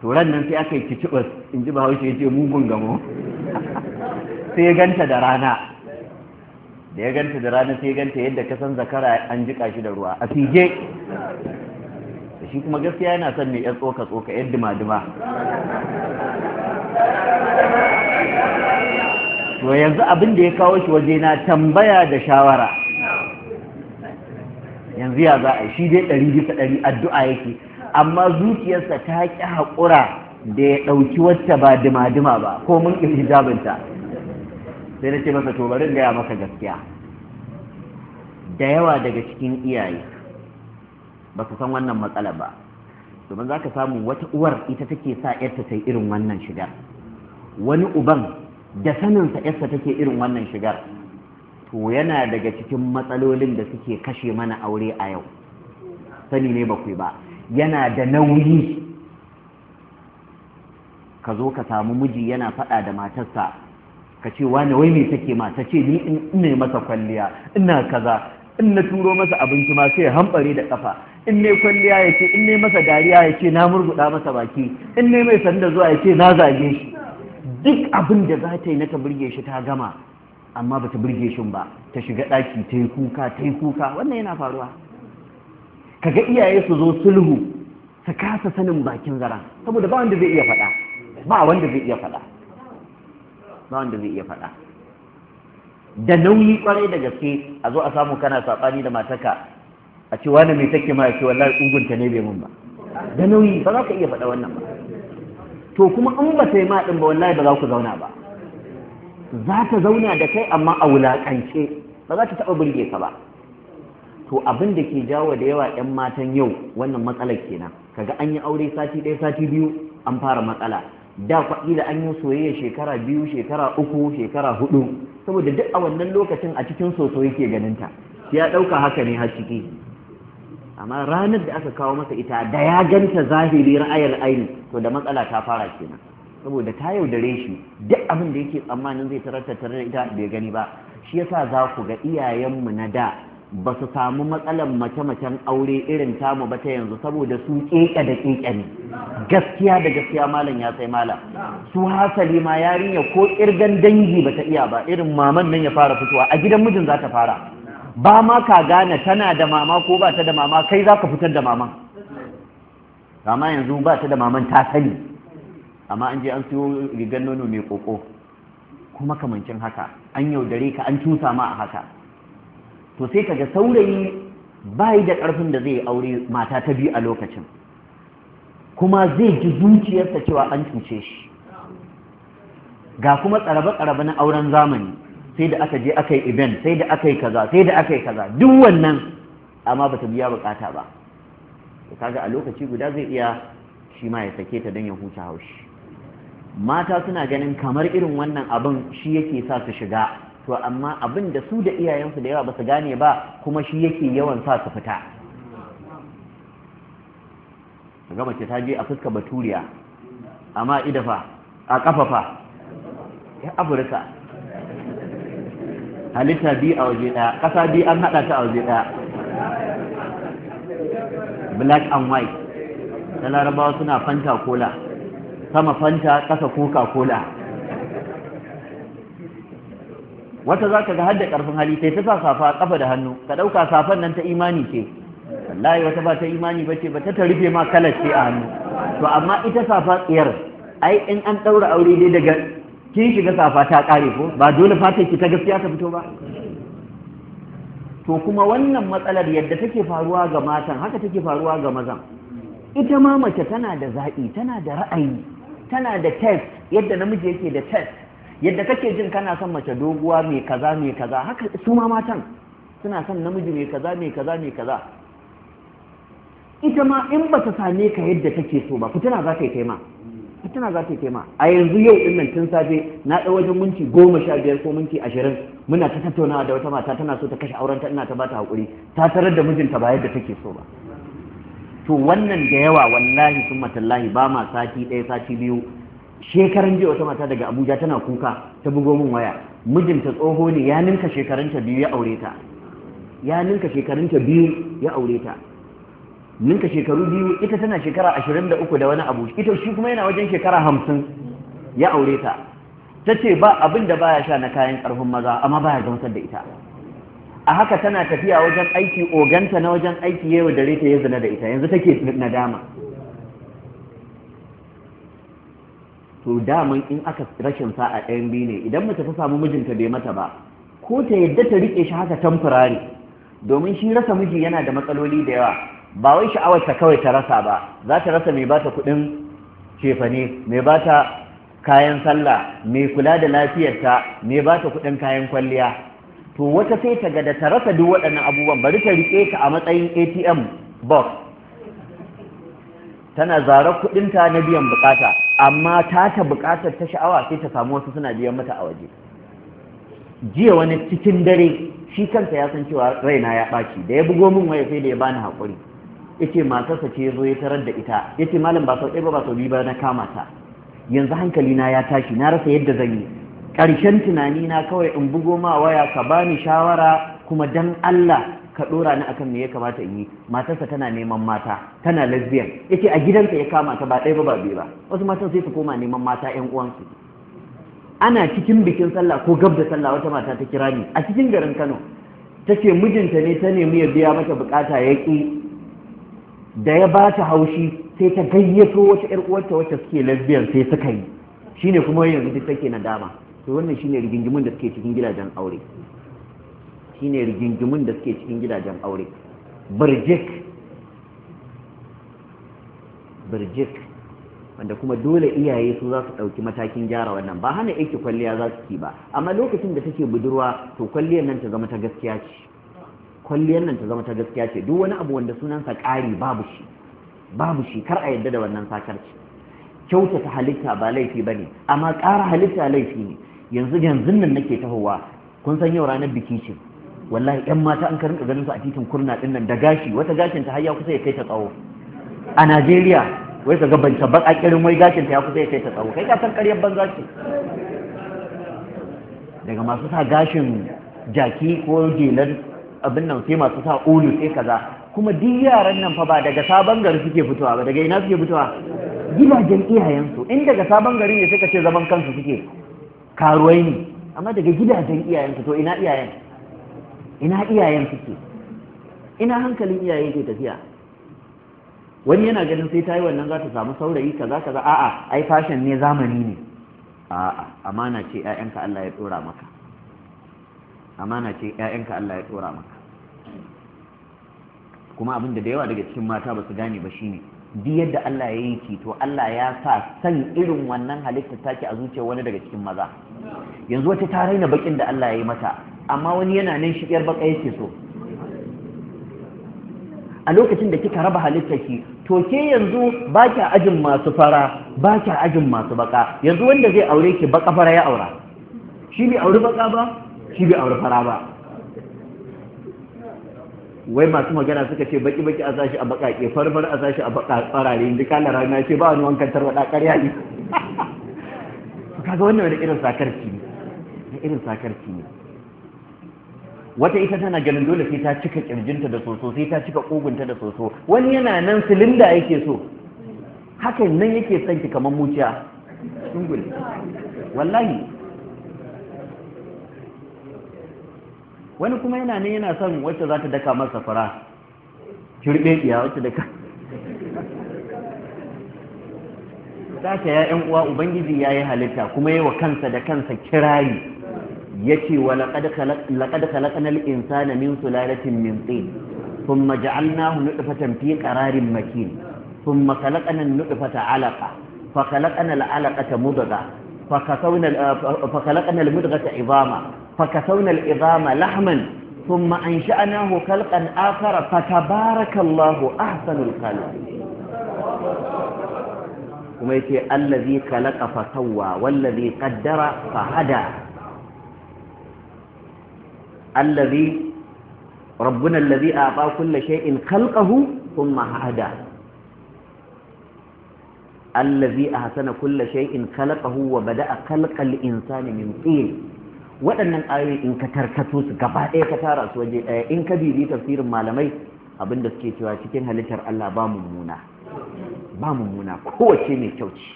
to ran nan sai aka yi kicibas in ji bahaushe ya ce mugun gamo sai ya ganta da rana da ya ganta da rana sai ya ganta yadda ka san zakara an jiƙa shi da ruwa a fige shi kuma gaskiya yana son ne ya tsoka tsoka yadda maduma to yanzu abin da ya kawo shi waje na tambaya da shawara yanzu ya za a shi dai ɗari bisa ɗari addu'a yake amma zuciyarsa ta ƙi haƙura da ya ɗauki wata ba dima-dima ba ko mun ƙi hijabinta sai na ce masa to bari gaya maka gaskiya da yawa daga cikin iyaye ba su san wannan matsala ba domin za ka samu wata uwar ita take sa yarta ta irin wannan shigar wani uban da saninsa yasa take irin wannan shigar to yana daga cikin matsalolin da suke kashe mana aure a yau sani ne ba ba yana da nauyi ka zo ka samu miji yana faɗa da matarsa ka ce wani wai me take ma ta ce ni in ne masa kwalliya ina kaza in na turo masa abinci ma sai hambare da kafa in ne kwalliya ya ce in ne masa dariya ya ce na murguda masa baki in ne mai sanda zuwa ya ce na zage shi duk abin da za ta yi na ta burge shi ta gama amma ba ta burge shi ba ta shiga ɗaki ta yi kuka ta yi kuka wannan yana faruwa kaga iyaye su zo sulhu su kasa sanin bakin zara saboda ba wanda zai iya faɗa ba wanda zai iya faɗa ba wanda zai iya faɗa da nauyi kwarai da gaske a zo a samu kana saɓani da mataka a ce wani mai take ma ya ce wallahi ugunta ne bai mun ba da nauyi ba za ka iya faɗa wannan ba to kuma an ba sai ma din ba wallahi ba za ku zauna ba za ta zauna da kai amma a wulaƙance. ba za ta taɓa burge ka ba to abin da ke jawo da yawa 'yan matan yau wannan matsalar kenan kaga an yi aure sati ɗaya sati biyu an fara matsala da kwaɗi da an yi soyayya shekara biyu shekara uku shekara hudu saboda duk a wannan lokacin a cikin soso yake ganinta ya ɗauka haka ne har ciki amma ranar da aka kawo masa ita da ya ganta zahiri ra'ayar aini to da matsala ta fara kenan saboda ta yaudare shi duk abin da yake tsammanin zai tarar da ita bai gani ba shi yasa za ku ga iyayenmu na da ba su samu matsalar mace-macen aure irin tamu ba ta yanzu saboda su keke da keke ne gaskiya da gaskiya malam ya sai malam su hasali ma yarinya ko kirgan dangi ba ta iya ba irin maman nan ya fara fitowa a gidan mijin za ta fara ba ma ka gane tana da mama ko ba ta da mama kai za ka fitar da maman amma yanzu ba ta da maman ta sani amma an je an siyo rigar nono mai ƙoƙo. kuma kamancin haka an yaudare ka an cusa ma a haka to sai kaga saurayi bayi da ƙarfin da zai aure mata ta biyu a lokacin kuma zai ji zuciyarsa cewa an cuce shi ga kuma tsarabe-tsarabe na auren zamani sai da aka je aka yi event sai da aka yi kaza sai da aka yi kaza duk wannan amma bata biya bukata ba to kaga a lokaci guda zai iya shi ma ya sake ta don ya huta haushi mata suna ganin kamar irin wannan abin shi yake sa su shiga to amma abin da su da iyayensu da yawa ba su gane ba kuma shi yake yawan sa su fita ga mace ta je a fuska baturiya amma idafa a kafafa ya afirka halitta biyu a waje ɗaya ƙasa biyu an haɗa ta a waje ɗaya black and white ta larabawa suna fanta cola sama fanta ƙasa coca cola wata za ka ga hadda ƙarfin hali sai ta sa safa ƙafa da hannu ka ɗauka safan nan ta imani ce wallahi wata ba ta imani ba ce ba ta rufe ma kalar ce a hannu to amma ita safa tsayar ai in an ɗaura aure dai daga kin shiga safa ta kare ko ba dole fatan ki ta gaskiya ta fito ba to kuma wannan matsalar yadda take faruwa ga matan haka take faruwa ga mazan ita ma mace tana da zaɓi tana da ra'ayi tana da test yadda namiji yake da test yadda kake jin kana son mace doguwa mai kaza mai kaza haka su ma matan suna son namiji mai kaza mai kaza mai kaza ita ma in ba ta same ka yadda take so ba fitina za ta yi taima fitina za ta yi ma a yanzu yau din nan tun safe na ɗau wajen minti goma sha biyar ko minti ashirin muna ta tattaunawa da wata mata tana so ta kashe aurenta ina ta bata haƙuri ta tarar da mijinta ba yadda take so ba to wannan da yawa wallahi sun matallahi ba ma sati ɗaya sati biyu shekaran jiya wata mata daga abuja tana kuka ta bugo min waya mijinta tsoho ne ya ninka shekarunta biyu ya aure ta ya ninka shekarunta biyu ya aure ta ninka shekaru biyu ita tana shekara ashirin da uku da wani abu ita shi kuma yana wajen shekara hamsin ya aure ta ta ce ba abin da baya sha na kayan ƙarfin maza amma baya gamsar da ita a haka tana tafiya wajen aiki oganta na wajen aiki yau da rita ya zina da ita yanzu take dama to daman in aka rashin sa'a ɗayan biyu ne idan mace ta samu mijinta bai mata ba ko ta yadda ta riƙe shi haka tamfurare domin shi rasa miji yana da matsaloli da yawa ba wai sha'awar ta kawai ta rasa ba za ta rasa mai bata kudin cefane mai bata kayan sallah mai kula da lafiyarta mai bata kudin kayan kwalliya to wata sai ta ga da ta rasa duk waɗannan abubuwan bari ta riƙe ta a matsayin atm box tana zarar ta na biyan bukata amma ta ta bukatar ta sha'awa sai ta samu wasu suna biyan mata a waje jiya wani cikin dare shi kanta ya san cewa raina ya ɓaci da ya bugo min waya sai da ya bani haƙuri yace matarsa ce zo ya tarar da ita yace malam ba sau ba ba sau biyu ba na kama ta yanzu hankali na ya tashi na rasa yadda zan yi ƙarshen tunani na kawai in bugo ma waya ka bani shawara kuma dan Allah ka ɗora ni akan me ya kamata in yi matarsa tana neman mata tana lesbian yace a gidansa ya kama ta ba ɗaya ba ba biyu ba wasu matan sai su koma neman mata ƴan uwansu ana cikin bikin sallah ko gab da sallah wata mata ta kira ni a cikin garin Kano ta ce mijinta ne ta nemi ya biya mata bukata ya ƙi da ya ba ta haushi sai ta gayyato wata ƴar uwarta wacce suke lesbian sai suka yi shine kuma yanzu duk take nadama to wannan shine rigingimun da suke cikin gidajen aure shine rigingimun da suke cikin gidajen aure birjik birjik wanda kuma dole iyaye su za su ɗauki matakin gyara wannan ba hana yake kwalliya za su ki ba amma lokacin da take budurwa to kwalliyar nan ta zama ta gaskiya ce kwalliyar nan ta zama ta gaskiya ce duk wani abu wanda sunansa ƙari babu shi babu shi kar a yadda da wannan sakarci kyautata halitta ba laifi ba ne amma ƙara halitta laifi ne yanzu yanzu nan nake tahowa kun san yau ranar biki ce wallahi ƴan mata an karin ganin su a titin kurna ɗin nan da gashi wata gashin ta har ya kusa ya kai ta tsawo a Najeriya wai ka ga banta baka kirin wai gashin ta ya kusa ya kai ta tsawo kai ka san ƙaryar banza ce daga masu sa gashin jaki ko gelar abin nan sai masu sa ulu sai kaza kuma duk yaran nan fa ba daga sabon gari suke fitowa ba daga ina suke fitowa gidajen iyayensu in daga sabon gari ne suka ce zaman kansu suke karuwai ne amma daga gidajen iyayensu to ina iyayen ina iyayen suke ina hankalin iyaye ke tafiya wani yana ganin sai ta yi wannan za ta samu saurayi kaza kaza a'a ai fashion ne zamani ne a'a amana ce 'ya'yanka Allah ya tsora maka amana ce ƴaƴanka Allah ya tsora maka kuma abin da da yawa daga cikin mata ba su gane ba shine duk yadda Allah ya yi ki to Allah ya sa san irin wannan halitta take a zuciyar wani daga cikin maza yanzu wata ta raina bakin da Allah ya yi mata amma wani yana nan shi yar baka yake so a lokacin da kika raba halitta ki to ke yanzu ba kya ajin masu fara ba kya ajin masu baka yanzu wanda zai aure ki baka fara ya aura shi ne aure baka ba shi bai aure fara ba wai masu magana suka ce baki baki a sashi a bakake farfar a sashi a baka farare inda kala rana ce ba wani wankan tarwada ƙarya ne kaga wannan wani irin sakarci ne na irin sakarci ne wata ita tana ganin dole sai ta cika kirjinta da soso sai ta cika kogunta da soso wani yana nan silinda yake so hakan nan yake son ki kamar muciya wallahi wani kuma yana ne yana son wacce za ta daka masa fara shirbe ya wacce daka ta ya yan uwa ubangiji ya yi halitta kuma yi wa kansa da kansa kirari, ya ce wa laƙad kalaƙanar insana min sulalatin min tsin sun maja'alnahu nufatan fi ƙararin makin sun makalaƙanar nufata alaƙa fakalaƙanar alaƙa ta mudaga فخلقنا المدغة Ibama. فكسونا العظام لحما ثم أنشأناه خلقا آخر فتبارك الله أحسن الخلق كما يتي الذي خلق فسوى والذي قدر فهدى الذي ربنا الذي أعطى كل شيء خلقه ثم هدى الذي أحسن كل شيء خلقه وبدأ خلق الإنسان من قيل waɗannan ayoyi in ka tarkato su gaba ɗaya ka tara su waje ɗaya in ka bibi tafsirin malamai abinda suke cewa cikin halittar Allah ba mummuna ba mummuna kowace mai kyau ce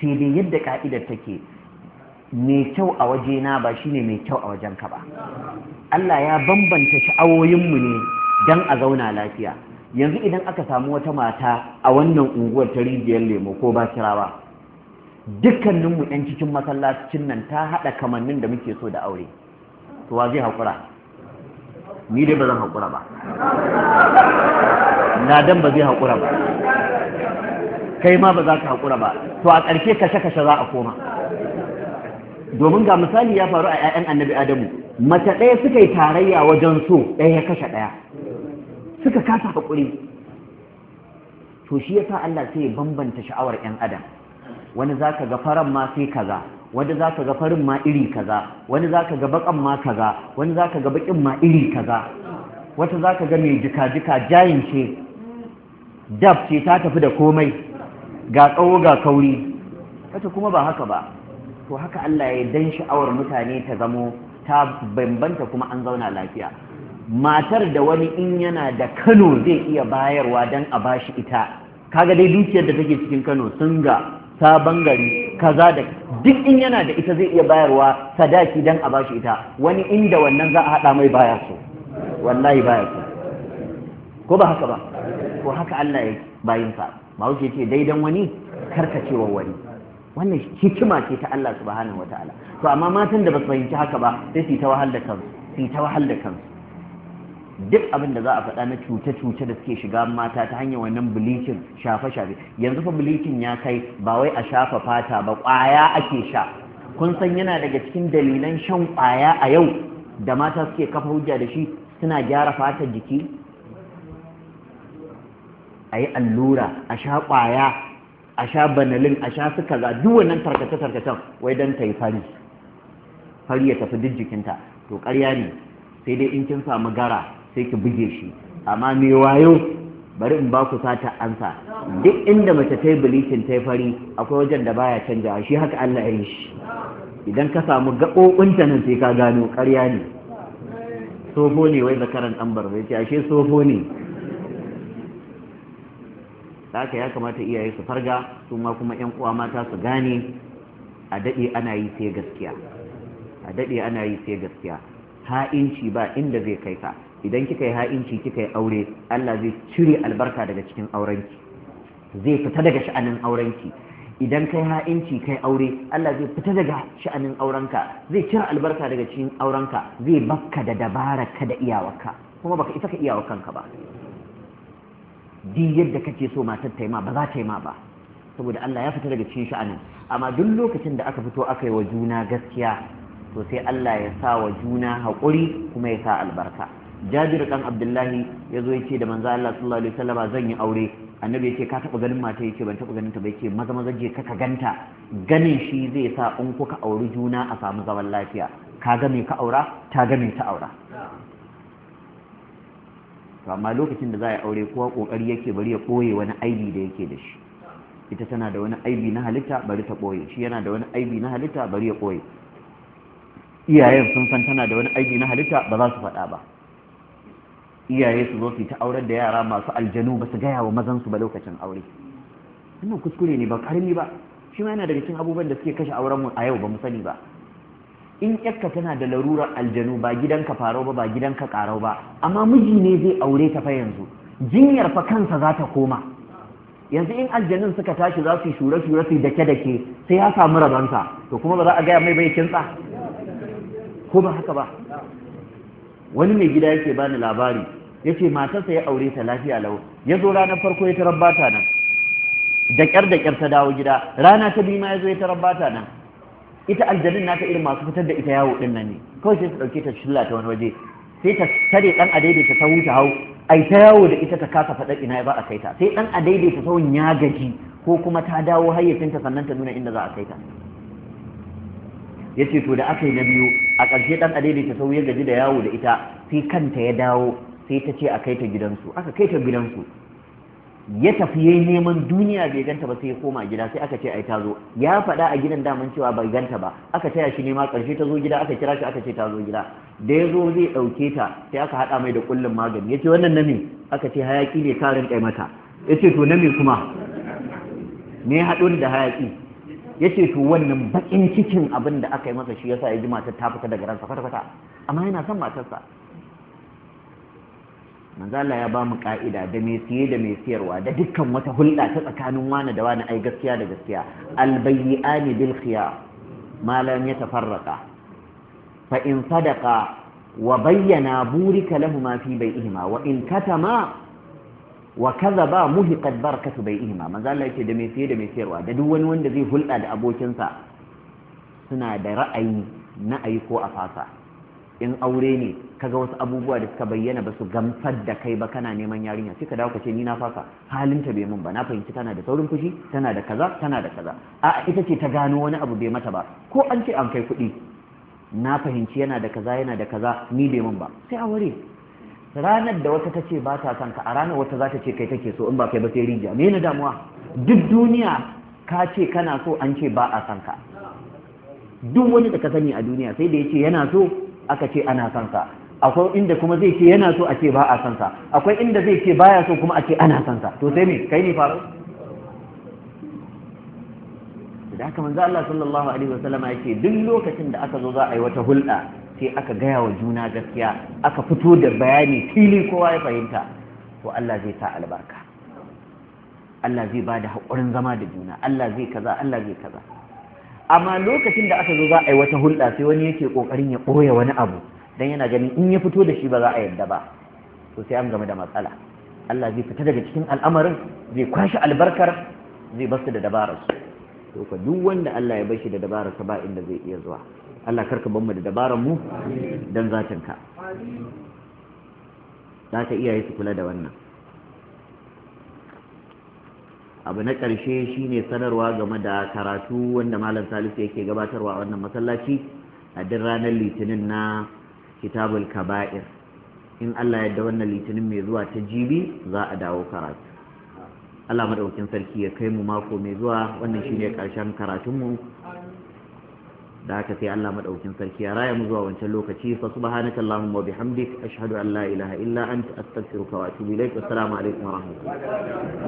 sai dai yadda ka'idar take mai kyau a waje na ba shine mai kyau a wajen ka ba Allah ya bambanta sha'awoyinmu ne don a zauna lafiya yanzu idan aka samu wata mata a wannan unguwar ta rijiyar lemo ko ba kirawa dukkaninmu 'yan cikin masallacin nan ta haɗa kamannin da muke so da aure to wa zai haƙura ni dai ba zan haƙura ba na dan ba zai haƙura ba kai ma ba za ka haƙura ba to a ƙarshe kashe-kashe za a koma domin ga misali ya faru a 'ya'yan annabi adamu mace ɗaya suka yi tarayya wajen so ɗaya ya kashe ɗaya suka kasa haƙuri to shi ya sa Allah sai ya bambanta sha'awar 'yan adam wani za ka ga faran ma sai kaza wani za ka ga farin ma iri kaza wani za ka ga baƙan ma kaza wani za ka ga baƙin ma iri kaza wata za ka ga mai jika-jika jayin ce dab ce ta tafi da komai ga tsawo ga kauri wata kuma ba haka ba to haka Allah ya dan sha'awar mutane ta zamo ta bambanta kuma an zauna lafiya matar da wani in yana da Kano zai iya bayarwa don a bashi ita kaga dai dukiyar da take cikin Kano sun ga sabon gari kaza da duk in yana da ita zai iya bayarwa sadaki dan a bashi ita wani inda wannan za a haɗa mai baya so wallahi baya so ko ba haka ba ko haka Allah ya bayinsa ba wuce ce daidan wani karkacewa wani wannan hikima ce ta Allah subhanahu wataala to amma matan da ba su fahimci haka ba sai su ta wahal da kansu su ta wahal da kansu duk abin da za a faɗa na cuce-cuce da suke shiga mata ta hanyar wannan bleaching shafe-shafe yanzu fa bleaching ya kai ba wai a shafa fata ba ƙwaya ake sha kun san yana daga cikin dalilan shan ƙwaya a yau da mata suke kafa hujja da shi suna gyara fatar jiki a yi allura a sha ƙwaya a sha banalin a sha su kaza duk wannan tarkace-tarkacen wai don ta yi fari fari ya tafi duk jikinta to ƙarya ne sai dai in kin samu gara sai ki buge shi amma me wayo bari in ba ku sata ansa duk inda mace ta yi ta fari akwai wajen da baya canjawa shi haka Allah ya yi shi idan ka samu ta nan sai ka gano ƙarya ne sofo ne wai zakaran ambar bai ce ashe sofo ne haka ya kamata iyaye su farga su ma kuma yan uwa mata su gane a daɗe ana yi sai gaskiya a daɗe ana yi sai gaskiya ha'inci ba inda zai kai ka idan kika yi ha'inci kika yi aure Allah zai cire albarka daga cikin aurenki zai fita daga sha'anin aurenki idan kai ha'inci kai aure Allah zai fita daga sha'anin aurenka zai cire albarka daga cikin aurenka zai bakka da ka da iyawarka kuma baka isa ka iyawa kanka ba duk yadda kake so matar ta yi ma ba za ta yi ma ba saboda Allah ya fita daga cikin sha'anin amma duk lokacin da aka fito aka yi wa juna gaskiya to sai Allah ya sa wa juna haƙuri kuma ya sa albarka jabir kan abdullahi ya zo ya ce da manzo Allah sallallahu alaihi wasallam zan yi aure annabi ya ce ka taɓa ganin mata ya ce ban taɓa ganin ta ba yake ce maza maza je ka ganta ganin shi zai sa in kuka auri juna a samu zaman lafiya ka ga me ka aura ta ga me ta aura to amma lokacin da za a aure kowa kokari yake bari ya koye wani aibi da yake da shi ita tana da wani aibi na halitta bari ta koye shi yana da wani aibi na halitta bari ya koye iyayen sun san tana da wani aibi na halitta ba za su faɗa ba iyaye su zo su ta aurar da yara masu aljanu ba su gaya wa mazan su ba lokacin aure wannan kuskure ne ba karmi ba shi ma yana daga cikin abubuwan da suke kashe auren mu a yau ba mu sani ba in yakka tana da larurar aljanu ba gidan ka farau ba ba ka karau ba amma miji ne zai aure ta fa yanzu jinyar fa kansa za ta koma yanzu in aljanun suka tashi za su shura shure su dake dake sai ya samu sa, to kuma ba za a gaya mai bai kintsa ko ba haka ba wani mai gida yake bani labari yace matarsa ya aure ta lafiya lau ya zo ranar farko ya tarar nan da kyar da kyar ta dawo gida rana ta biyu ma ya zo ya tarar nan ita aljanin naka irin masu fitar da ita yawo din nan ne kawai sai su dauke ta shilla ta wani waje sai ta tare dan a daidaita ta hau ai ta yawo da ita ta kasa faɗa ina ba a kai ta sai ɗan a daidaita sahun ya gaji ko kuma ta dawo hayyacinta sannan ta nuna inda za a kai ta yace to da aka yi na biyu a ƙarshe ɗan adaidaita ta sauye gaji da yawo da ita sai kanta ya dawo sai ta ce a kai ta gidansu aka kai ta gidansu ya tafi yayi neman duniya bai ganta ba sai ya koma gida sai aka ce ai ta zo ya faɗa a gidan daman cewa bai ganta ba aka taya shi nema ƙarshe ta zo gida aka kira shi aka ce ta zo gida da ya zo zai ɗauke ta sai aka haɗa mai da kullun magani ya ce wannan na aka ce hayaƙi ne karin kai mata ya ce to na me kuma me haɗo da hayaƙi yace to wannan bakin cikin abin da aka yi masa shi yasa ya ji matar ta fita daga ransa kwata-kwata amma yana son matarsa manzala ya ba mu ka'ida da mai siye da mai siyarwa da dukkan wata hulɗa ta tsakanin wani da wani ai gaskiya da gaskiya albayyani bil khiyar ma ya yatafarraqa fa in wa bayyana burika mafi fi bai'ihima wa in katama wa kaza ba muhiqat barakatu bai'ihima manzo Allah yake da mai siye da mai sayarwa da duk wani wanda zai hulɗa da abokinsa suna da ra'ayi na ayi ko a fasa in aure ne kaga wasu abubuwa da suka bayyana ba su gamsar da kai ba kana neman yarinya sai ka dawo ka ce ni na fasa halinta bai mun ba na fahimci tana da saurin fushi tana da kaza tana da kaza a ita ce ta gano wani abu bai mata ba ko an ce an kai kuɗi na fahimci yana da kaza yana da kaza ni bai mun ba sai a ware ranar da wata tace ba ta son ka a ranar wata za ta ce kai take so in ba kai ba sai rijiya me ne damuwa duk duniya ka ce kana so an ce ba a son ka duk wani da ka sani a duniya sai da yace yana so aka ce ana son ka. akwai inda kuma zai ce yana so a ce ba a son sa akwai inda zai ce baya so kuma a ce ana son sa to sai me kai ne faru da haka manzo Allah sallallahu alaihi wasallam yake duk lokacin da aka zo za a yi wata hulɗa sai aka gaya wa juna gaskiya aka fito da bayani fili kowa ya fahimta to Allah zai sa albarka Allah zai ba da haƙurin zama da juna Allah zai kaza Allah zai kaza amma lokacin da aka zo za a yi wata hulɗa sai wani yake ƙoƙarin ya ɓoye wani abu don yana ganin in ya fito da shi ba za a yarda ba to sai an game da matsala Allah zai fita daga cikin al'amarin zai kwashe albarkar zai basu da dabararsu to ka duk wanda Allah ya bashi da dabararsa ba inda zai iya zuwa Allah karka ban mu da dabaran mu dan zatin ka za ka iyaye su kula da wannan abu na ƙarshe shine sanarwa game da karatu wanda malam salisu yake gabatarwa a wannan masallaci a duk ranar litinin na kitabul kaba'ir in Allah yadda wannan litinin mai zuwa ta jibi za a dawo karatu Allah maɗaukin sarki ya kai mu mako mai zuwa wannan shine karshen karatunmu da haka sai Allah madaukin sarki ya raya mu zuwa wancan lokaci fa subhanaka allahumma wa bihamdik ashhadu an la ilaha illa anta astaghfiruka wa atubu ilaik assalamu alaikum wa rahmatullahi